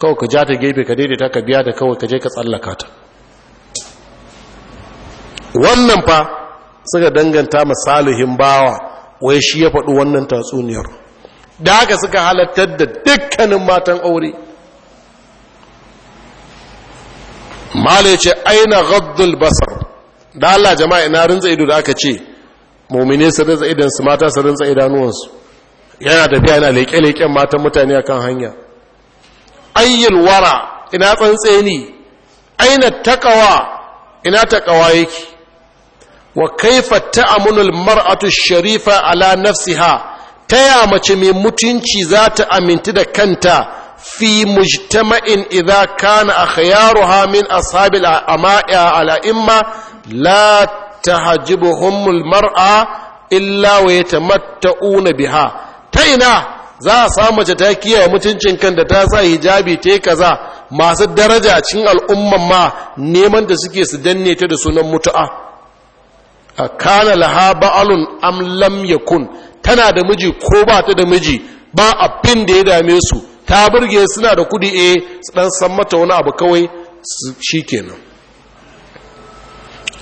[SPEAKER 1] kawai ka ja ta gefe ka daidaita ka biya da kawai ka je ka tsallaka ta wannan fa suka danganta masalihin bawa wai shi ya faɗi wannan tatsuniyar da haka suka halattar da dukkanin matan aure mala ce aina gabdul basar da Allah jama'a ina rinza ido da aka ce mummine su rinza idansu mata su rinza idanuwansu yana tafiya yana leƙe-leƙen matan mutane a kan hanya ayyul wara ina tsantseni aina takawa ina takawa yake wa kaifa ta'amunul mar'atu sharifa ala nafsiha taya mace mai mutunci za ta aminti da kanta fi mujtama'in idza kana akhyaruha min ashabil ama'a ala imma la tahjibuhumul mar'a illa wa yatamatta'una biha ta ina za a samu mace ta kiyaye mutuncin kan da ta sa hijabi ta kaza masu daraja cikin al'umman ma neman da suke su danne ta da sunan mutu'a kana laha ba'alun am lam yakun tana da miji ko ba ta da miji ba abin da ya dame su ta burge suna da kudi eh su dan san mata wani abu kawai shikenan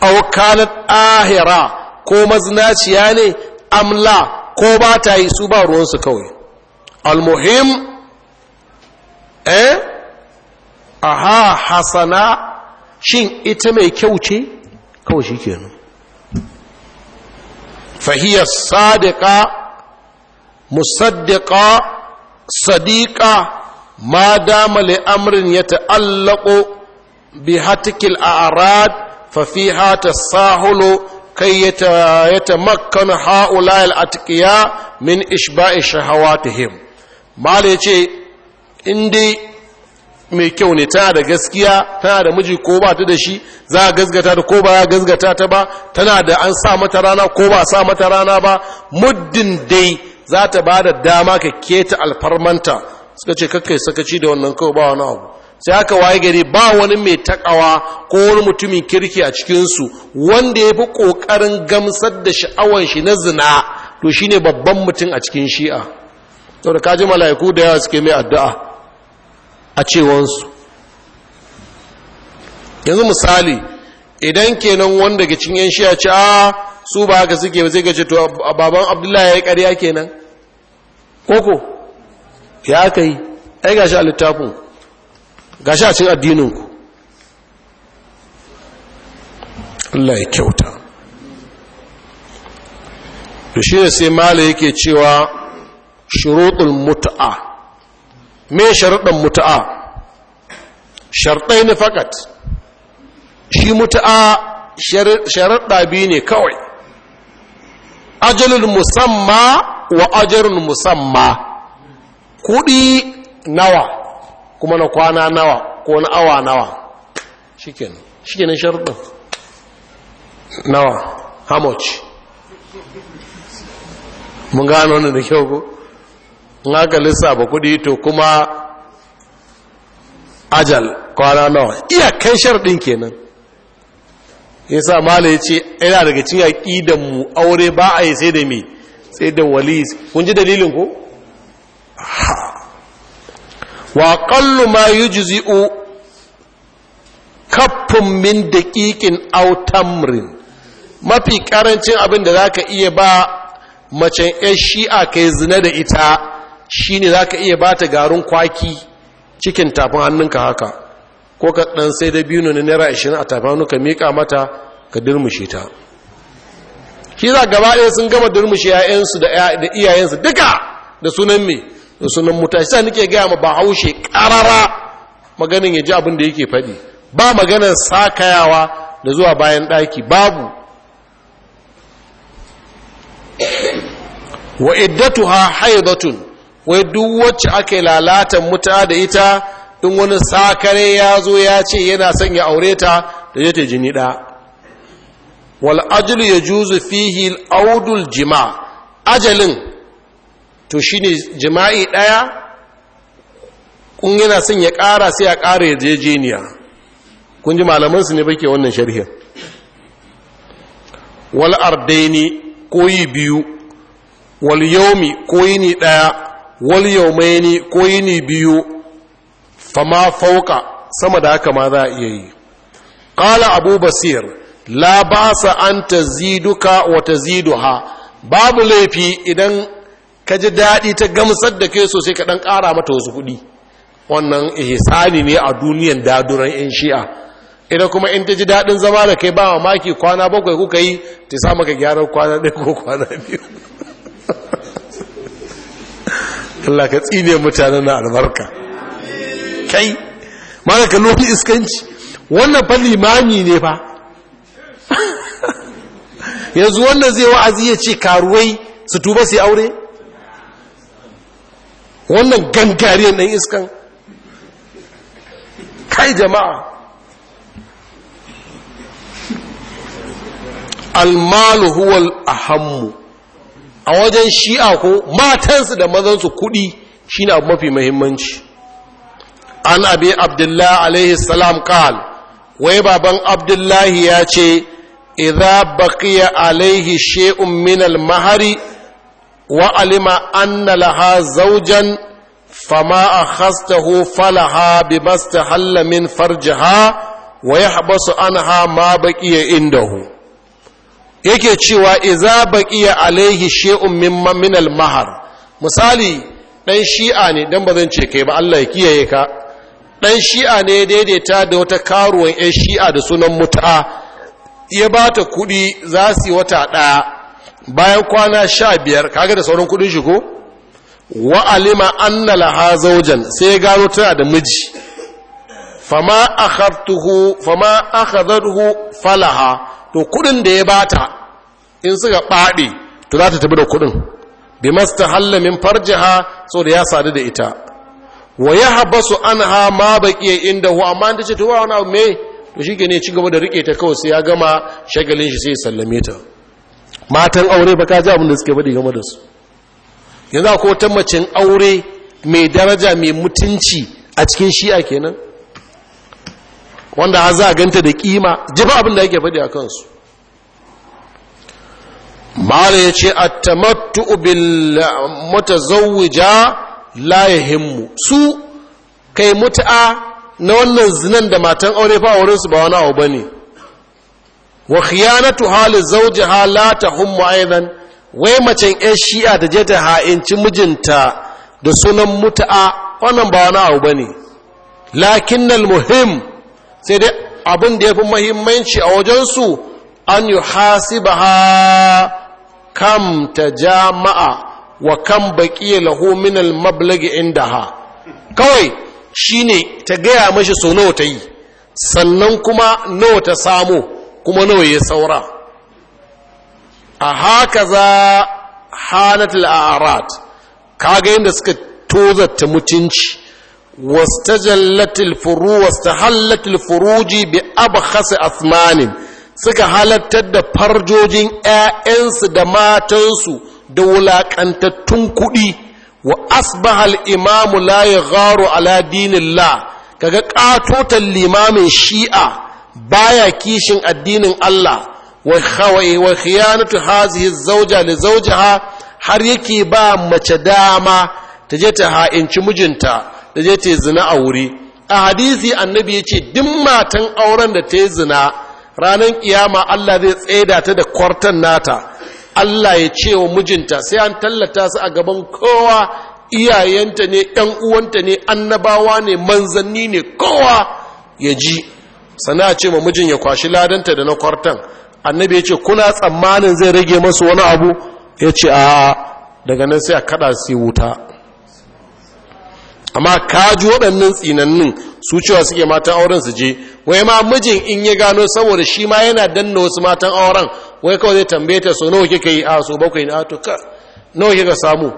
[SPEAKER 1] aw kanat ahira ko mazinaciya ne amla ko ba ta yi su ba ruwansu kawai almuhim eh aha hasana shin ita mai kyau ce kawai shikenan فهي صادقة مصدقة صديقة ما دام لأمر يتألق بهتك الأعراض ففيها تساهل كي يتمكن هؤلاء الأتقياء من إشباع شهواتهم ما ليتي indai mai kyau ne tana da gaskiya tana da miji ko ba ta da shi za a gazgata da ko ba ya ta ba tana da an sa mata rana ko ba sa mata rana ba muddin dai za ta ba da dama ka keta alfarmanta suka ce kakkai sakaci da wannan kawai ba wani abu sai aka waye gari ba wani mai takawa ko wani mutumin kirki a cikinsu wanda ya fi ƙoƙarin gamsar da sha'awar shi na zina to shine babban mutum a cikin shi'a saboda kaji mala'iku da yawa suke mai addu'a a cewansu yanzu misali idan kenan wanda ga cin yan shiya ci a ah, su ba haka suke zai gace to baban abdullahi ya yi ƙarya kenan koko ya aka yi ai gashi a littafin gashi a cin addininku Allah ya kyauta da shi ne sai mala yake cewa shuruɗul mutu'a. me sharuɗan mutu'a sharɗai ne fakat shi mutu'a sharaɗa biyu ne kawai ajalin musamma wa ajalin musamma kuɗi nawa kuma na kwana nawa ko na awa nawa shikenan shikenan sharuɗan nawa how much mun gano ne da kyau ko naka lissafa kudi to kuma ajal kwana nawa iyakan sharɗin kenan yasa mala ya ce yana daga cin da mu aure ba a yi sai da sai da wali kun ji dalilin ko wa qallu ma jizi'u kaffun min daƙiƙin autamrin, mafi karancin abin da za ka iya ba macen yan shi'a kai zina da ita Shi ne za ka iya ba ta garin kwaki cikin tafin hannunka haka ko ka ɗan sai da biyu na naira 20 a tafin ka miƙa mata ka durmushe ta za gaba ɗaya sun gama durmushe yayansu da iyayensu duka da sunan mai da sunan shi sa nike gaya ma ba haushe karara maganin ya ji abin da yake faɗi ba maganar sakayawa da zuwa bayan ɗaki babu wa iddatuha haidatun wai duk wacce aka lalata lalatan muta da ita in wani sakare ya zo ya ce yana son ya aure ta da ya ta jini ɗa wal ajlu ya juzu fihi audul jima ajalin to shine jima'i ɗaya kun yana son ya ƙara sai ya ƙara yarjejeniya kun ji malamansu ne bake wannan sharhin wal ardaini koyi biyu wal yaumi koyi ni ɗaya wal yaumaini ko yini biyu fama fauka sama da haka ma za a iya yi qala abu basir la ba sa an taziduka wa taziduha babu laifi idan ka ji daɗi ta gamsar da ke sosai ka ɗan ƙara mata wasu kuɗi wannan ihsani ne a duniyan daduran 'yan shi'a idan kuma in ta ji daɗin zama da kai ba mamaki maki kwana bakwai kuka yi ta sa maka gyaran kwana ɗaya ko kwana biyu Allah ka tsine mutanen na albarka kai mana ka nufi iskanci wannan fa limami ne fa yanzu wannan zai wa'azi ya ce karuwai su tuba sai aure wannan gangariyar ɗan iskan kai jama'a almalu huwal ahammu a wajen shi'a ko matansu da mazansu kuɗi shine na mafi muhimmanci an abi abdullahi alaihi salam qal wai baban abdullahi ya ce idza baqiya alaihi shay'un min al-mahari wa alima anna laha zawjan فما أخذته فلها بما استحل من فرجها ويحبس عنها ما بقي عنده yake cewa iza baqiya alaihi shay'un min min al-mahar misali dan shi'a ne dan bazan ce kai ba Allah ya kiyaye ka dan shi'a ne daidaita da wata karuwan yan shi'a da sunan mut'a ya bata kuɗi za su wata ɗaya bayan kwana sha 15 kaga da sauran kuɗin shi ko wa alima anna laha zawjan sai gano tana da miji fama akhadtuhu fama akhadathu falaha to kudin da ya bata in suka ɓaɗe to za ta tafi da kudin bi masta halla min farjiha so da ya sadu da ita wa ya haɓa su an ha ma baƙi inda hu amma ta ce to wa wani abu me to shi ne ci gaba da riƙe ta kawai sai ya gama shagalin shi sai ya sallame ta matan aure ba ka ji abin da suke baɗi game da su yanzu ko ta macen aure mai daraja mai mutunci a cikin shi'a kenan wanda a za a ganta da kima jifa abin da yake faɗi a kansu mara ya ce attamattu bil la su kai mut'a na wannan zinan da matan aure fa wurin su ba wani abu ba ne. wa khiyanatu hali zawjiha la tahummu aizan wai macen yan shi'a da je ta ha'inci mijinta da sunan mut'a wannan ba wani abu ba bane lakinnal muhim sai dai abin da ya fi mahimmanci a wajensu an yi ha kam ta jama'a wa kan ya laho min mablagi inda ha kawai shi ne ta gaya mashi so nawa ta yi sannan kuma nawa ta samu kuma nawa ya saura a haka za halatul a'arat kaga yadda suka tozata mutunci wastajallatil furu wastahallatil furuji bi abkhas athmanin suka halattar da farjojin 'ya'yansu da matansu da wulaƙantattun kuɗi wa asbahal imamu Layi gharu ala dinillah kaga ƙatotan limamin shi'a baya kishin addinin Allah wa khiyanatu hazihi zauja li zaujaha har yake ba mace dama ta je ta ha'inci mijinta da je ce zina a wuri a hadisi annabi ya ce din matan auren da ta yi zina ranar kiyama Allah zai tsaida ta da kwartan nata Allah ya ce wa mijinta sai an tallata su a gaban kowa iyayenta ne ɗan uwanta ne annabawa ne manzanni ne kowa ya ji sana ce ma mijin ya kwashi ladanta da na kwartan annabi ya ce kuna tsammanin zai rage masu wani abu ya ce a daga nan sai a kada su wuta amma ka ji waɗannan tsinannin su cewa suke matan auren su je wai ma mijin in ya gano saboda shi ma yana danna wasu matan auren wai kawai zai tambaye ta so nawa kika yi a ah, so bakwai na ah, to ka nawa kika samu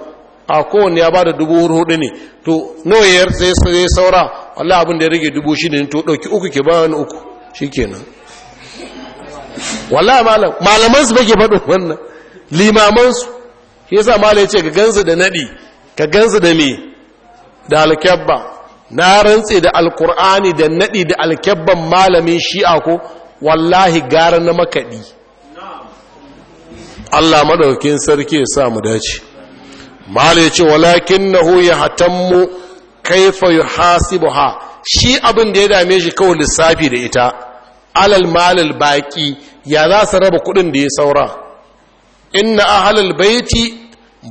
[SPEAKER 1] a kowanne ya bada dubu hudu ne to nawa ya sai saura Allah abin da ya rage dubu shi ne to dauki uku ke wani uku shikenan wallahi malam malaman su bake faɗin wannan limaman su shi yasa malai ce ka gansu da nadi ka gansu da me da alkyabba na rantse da alkur'ani da naɗi da alkyabban malamin shi'a ko wallahi gara na makaɗi allah maɗaukin sarki ya sa mu dace mala ya ce walakin na huya hatanmu kaifa yi hasibu ha shi abin da ya dame shi kawai lissafi da ita alal malal baƙi ya za su raba kuɗin da ya saura inna ahalal baiti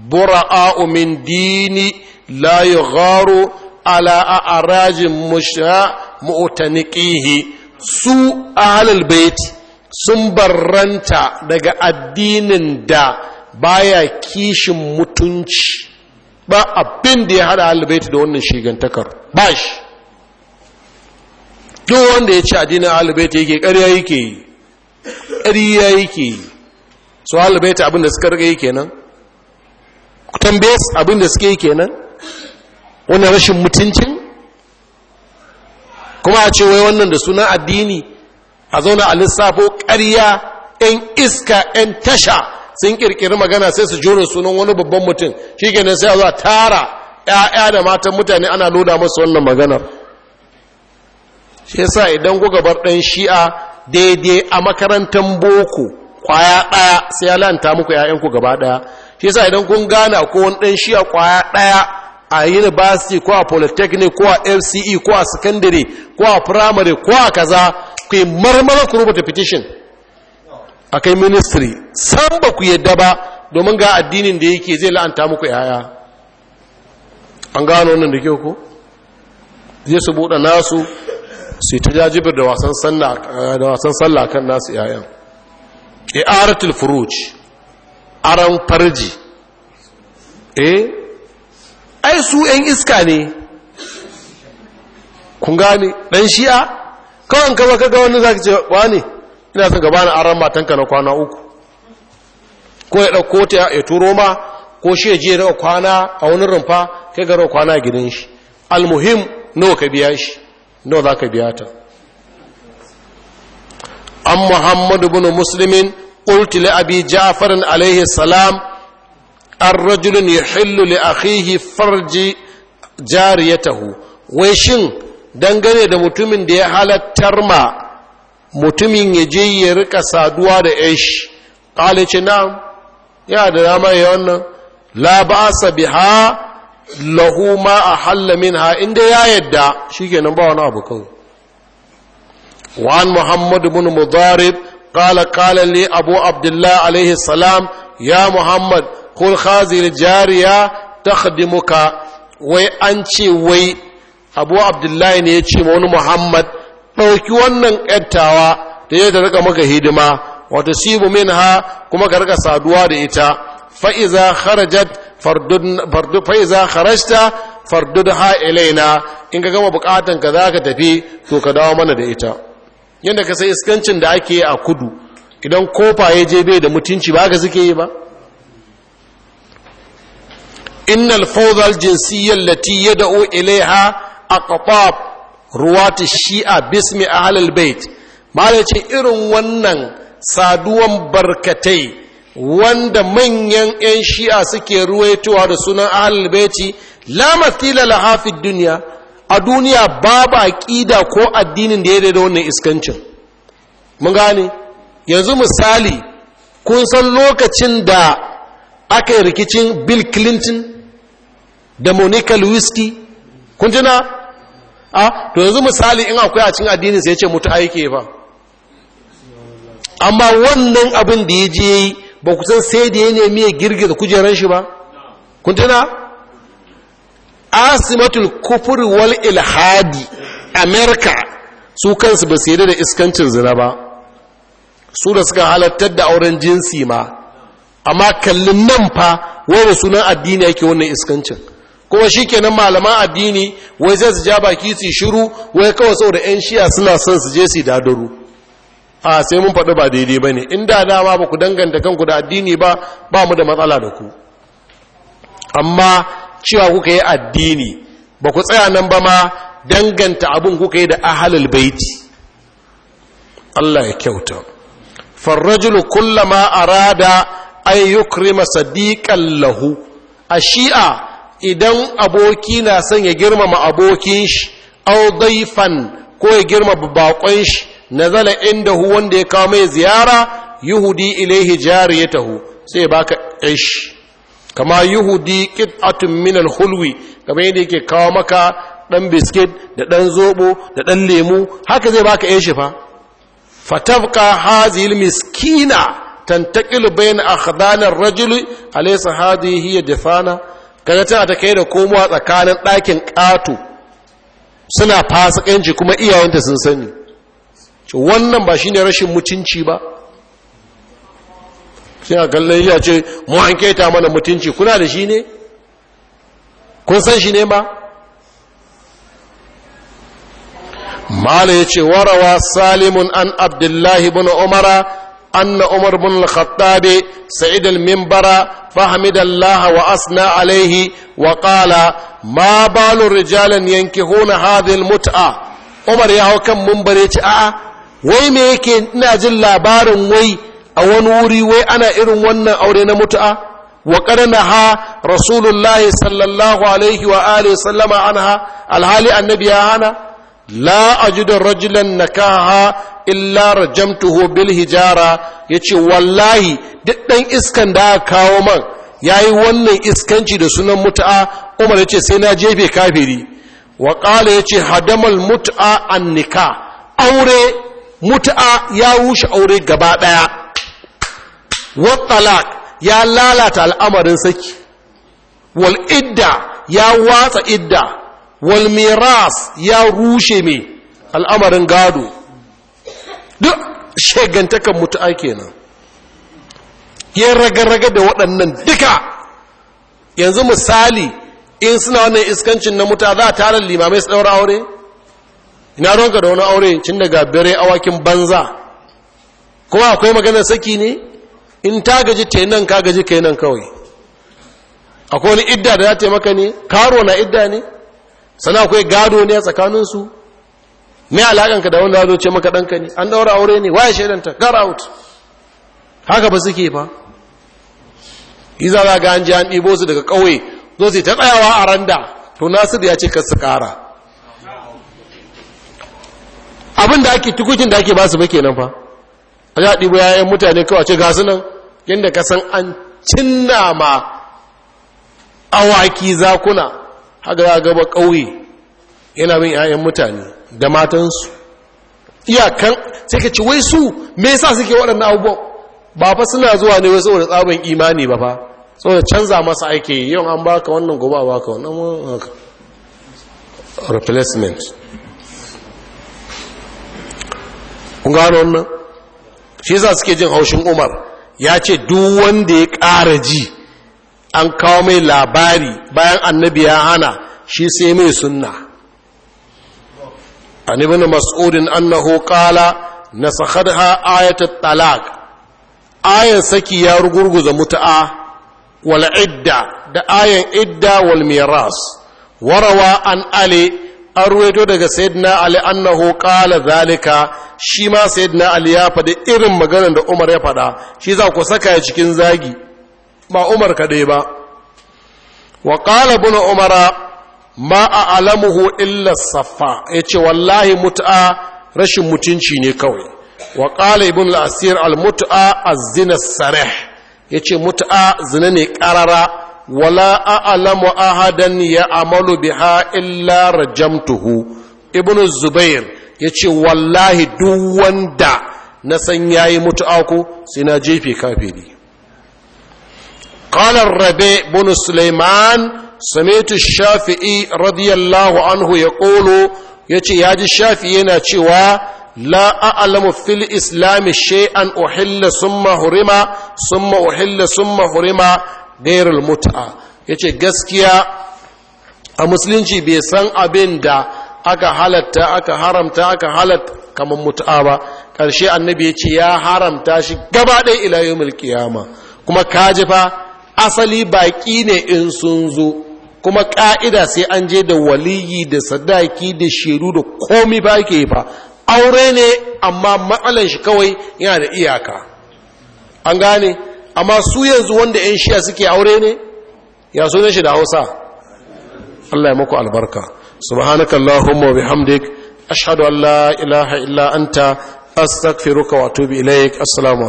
[SPEAKER 1] bura'a'u min dini لا يغار على a'rajin مشاء mu'taniqihi su ahlul bait sun barranta daga addinin da baya kishin mutunci ba abin da ya hada ahlul bait da wannan shigantakar ba shi duk wanda ya ci addinin alibaita yake ƙarya yake yi ƙarya yake yi su abin abinda suka rage kenan nan abin abinda suke yi kenan? wannan rashin mutuncin kuma a ce wai wannan da suna addini a zauna a lissafo karya 'yan iska 'yan tasha sun ƙirƙiri magana sai su jure sunan wani babban mutum shi kenan sai a zuwa tara 'ya'ya da matan mutane ana loda masu wannan maganar shi yasa idan ku gabar ɗan shi'a daidai a makarantar boko kwaya ɗaya sai ya lanta muku 'ya'yanku gaba ɗaya shi yasa idan kun gana ko wani ɗan shi'a kwaya ɗaya a university ko a polytechnic ko a fce ko a secondary ko a primary ko a kaza ku yi marmara ku rubuta petition a kai ministry san ba ku yadda ba domin ga addinin da yake zai la'anta muku yaya an gano wannan da kyau ko zai su buɗe nasu su ta jajibir da wasan sallah kan nasu yayan e, aratul furuj aran farji eh ai su ‘yan iska ne kun gane dan shi'a kawai kama ga wani za ce ba ne ina son gaba na aran matanka na kwana uku ko ya ɗauko ta ya turo ma ko shi ya je daga kwana a wani rumfa kai rawa kwana a gidan shi almuhim nawa ka biya shi nawa za ka biya ta an muhammadu bin muslimin ƙultile abi ja'farin alaihi salam an rajulun ya hillu li akhihi farji jariyatahu wai shin dangane da mutumin da ya halattar ma mutumin ya je ya rika saduwa da ish qala ce na'am ya da dama ya wannan la bi ha lahu ma ahalla ha inda ya yadda nan ba wani abu kawai وعن محمد بن مضارب قال قال لي أبو عبد الله عليه السلام يا kul khazil jariya takhdimuka wai an ce wai abu abdullahi ne ya ce ma wani muhammad ɗauki wannan ƙyattawa da ya rika maka hidima wata sibu min ha kuma ka rika saduwa da ita fa'iza kharajat fardu fa'iza kharajta fardud ha ilaina in ka gama bukatan ka za ka tafi to ka dawo mana da ita Yadda ka sai iskancin da ake a kudu idan kofa ya je bai da mutunci ba ka suke yi ba innal fawdal jinsiyya allati yad'u ilaiha aqtab ruwat shi'a bismi ahlul bait malai ce irin wannan saduwan barkatai wanda manyan 'yan shi'a suke ruwaitowa da sunan ahlul baiti la mathila laha fi dunya a duniya babu aqida ko addinin da ya daidai wannan iskancin mun gane yanzu misali kun san lokacin da aka rikicin bill clinton da Monika lewiski kun a to yanzu misali in akwai a cin addini sai ce mutu aike ba amma wannan abin da ya ji ya yi ba ku san sai da ya nemi ya girgiza kujerar shi ba kun asimatul kufur wal ilhadi amerika su kansu ba su da iskancin zina ba su da suka halattar da auren jinsi ma amma kallin nan fa wani sunan addini yake wannan iskancin kuma shi kenan malaman addini wai zai su ja baki su shiru wai kawai saboda 'yan shiya suna son su je su dadaru a sai mun faɗi ba daidai ba ne in da dama ba ku danganta kanku da addini ba ba mu da matsala da ku amma cewa kuka yi addini ba ku tsaya nan ba ma danganta abin kuka yi da ahalul baiti Allah ya kyauta farrajul kullama arada ay yukrima sadiqan lahu a shi'a idan aboki na son ya girmama abokin shi au daifan ko ya girmama bakon shi na zala inda hu wanda ya kawo mai ziyara yuhudi ilaihi jariyatahu sai ya baka ish kama yuhudi qit'atun min al-hulwi kamar yadda yake kawo maka dan biskit da dan zobo da dan lemu haka zai baka ish fa fatafqa hazil miskina tantaqilu bayna a ar-rajul alaysa hadhihi hiya difana kaga tana ta kai da komowa tsakanin ɗakin ƙato suna fasikanci kuma iyayenta sun sani wannan ba shi ne rashin mutunci ba shi a kallon a ce mu an keta mana mutunci kuna da shi ne kun san shi ne ba mala ya ce warawa salimun an abdullahi bin umara أن عمر بن الخطاب سعد المنبر فحمد الله وأثنى عليه وقال ما بال رجال ينكحون هذه المتعة عمر يا كم منبر آه wai me yake ina jin labarin wai a wani wuri wai ana irin wannan aure na mutu'a wa qarna ha rasulullahi sallallahu alaihi wa alihi alhali annabi ya hana la ajidu rajilan nakaha illa rajamtuhu bil hijara yace wallahi duk dan iskan da aka kawo man yayi wannan iskanci da sunan mutu'a. Umar yace sai na jefe kafiri wa qala yace hadamal mut'a an nikah aure mut'a ya rushe aure gaba daya wa talaq ya lalata al'amarin saki Wal'idda ya watsa idda wal ya rushe mai al'amarin gado duk shegantakan mutu'a kenan ya raga da waɗannan duka yanzu misali in suna wannan iskancin na mutu'a za a tarar limamai su ɗaura aure ina ronka da wani aure cin daga bere awakin banza kuma akwai maganar saki ne in ta gaji ta nan ka gaji ka yi nan kawai akwai wani idda da za taimaka maka ne karo na idda ne sana akwai gado ne a tsakaninsu me alaƙanka da wanda gado maka ɗanka ne an ɗaura aure ne waye shaidanta gar out haka ba suke ba iza za ga an ji an ɗibo su daga ƙauye zo su ta tsayawa a randa to nasir ya ce kasu ƙara abin da ake tukukin da ake ba su bake nan fa a za a ɗibo yayan mutane kawai ce gasu nan yadda ka san an cinna ma awaki zakuna haka ya gaba ƙauye yana bin 'ya'yan mutane da matansu iyakan sai ka ci wai su me sa suke waɗanda abubuwa ba fa suna zuwa ne wai saboda tsabin imani ba fa saboda canza masa aiki yau an ba ka wannan gobe baka wannan replacement kun gano wannan shi yasa suke jin haushin Umar ya ce duk wanda ya ƙara ji an kawo mai labari bayan annabi ya hana shi sai mai sunna an ibn mas'udin annahu qala nasakhadha ayatul talaq ayan saki ya rugurguza mutu'a wal idda da ayan idda wal miras warawa an ali arwaito daga sayyidina ali annahu qala zalika shi ma sayyidina ali ya faɗi irin maganar da umar ya faɗa shi za ku saka ya cikin zagi ba umar kaɗai ba wa ƙala buna umara ma a alamuhu illa safa ya ce wallahi mutu'a rashin mutunci ne kawai wa ƙala ibn al'asir al-mutu'a a zina ya ce mutu'a zina ne ƙarara wala a alamu ahadan ya amalu biha illa rajamtuhu ibn zubair ya ce wallahi duk wanda na san yayi mutu'a ko sai na jefe kafiri قال الربيع بن سليمان سمعت الشافعي رضي الله عنه يقول يجي ياجي الشافعي ناتشوا لا أعلم في الإسلام شيئا أحل ثم هرم ثم أحل ثم هرم غير المتعة يجي قسكيا المسلمين بيسان أبين دا aka halatta aka haramta aka halatta kamar mutu'a ba ƙarshe annabi ya ce ya haramta shi gaba ɗaya ila yawmul qiyama kuma kaji fa asali baƙi ne in sun zo kuma ƙa'ida sai an je da waliyi da sadaki da shiru da komi ba ke fa aure ne amma matsalan shi kawai yana da iyaka an gane amma su yanzu wanda 'yan shiya suke aure ne ya so shi da hausa Allah ya muku albarka subhanakallahumma bihamdik ashhadu an la ilaha illa anta astaghfiruka wa atubu ilaik assalamu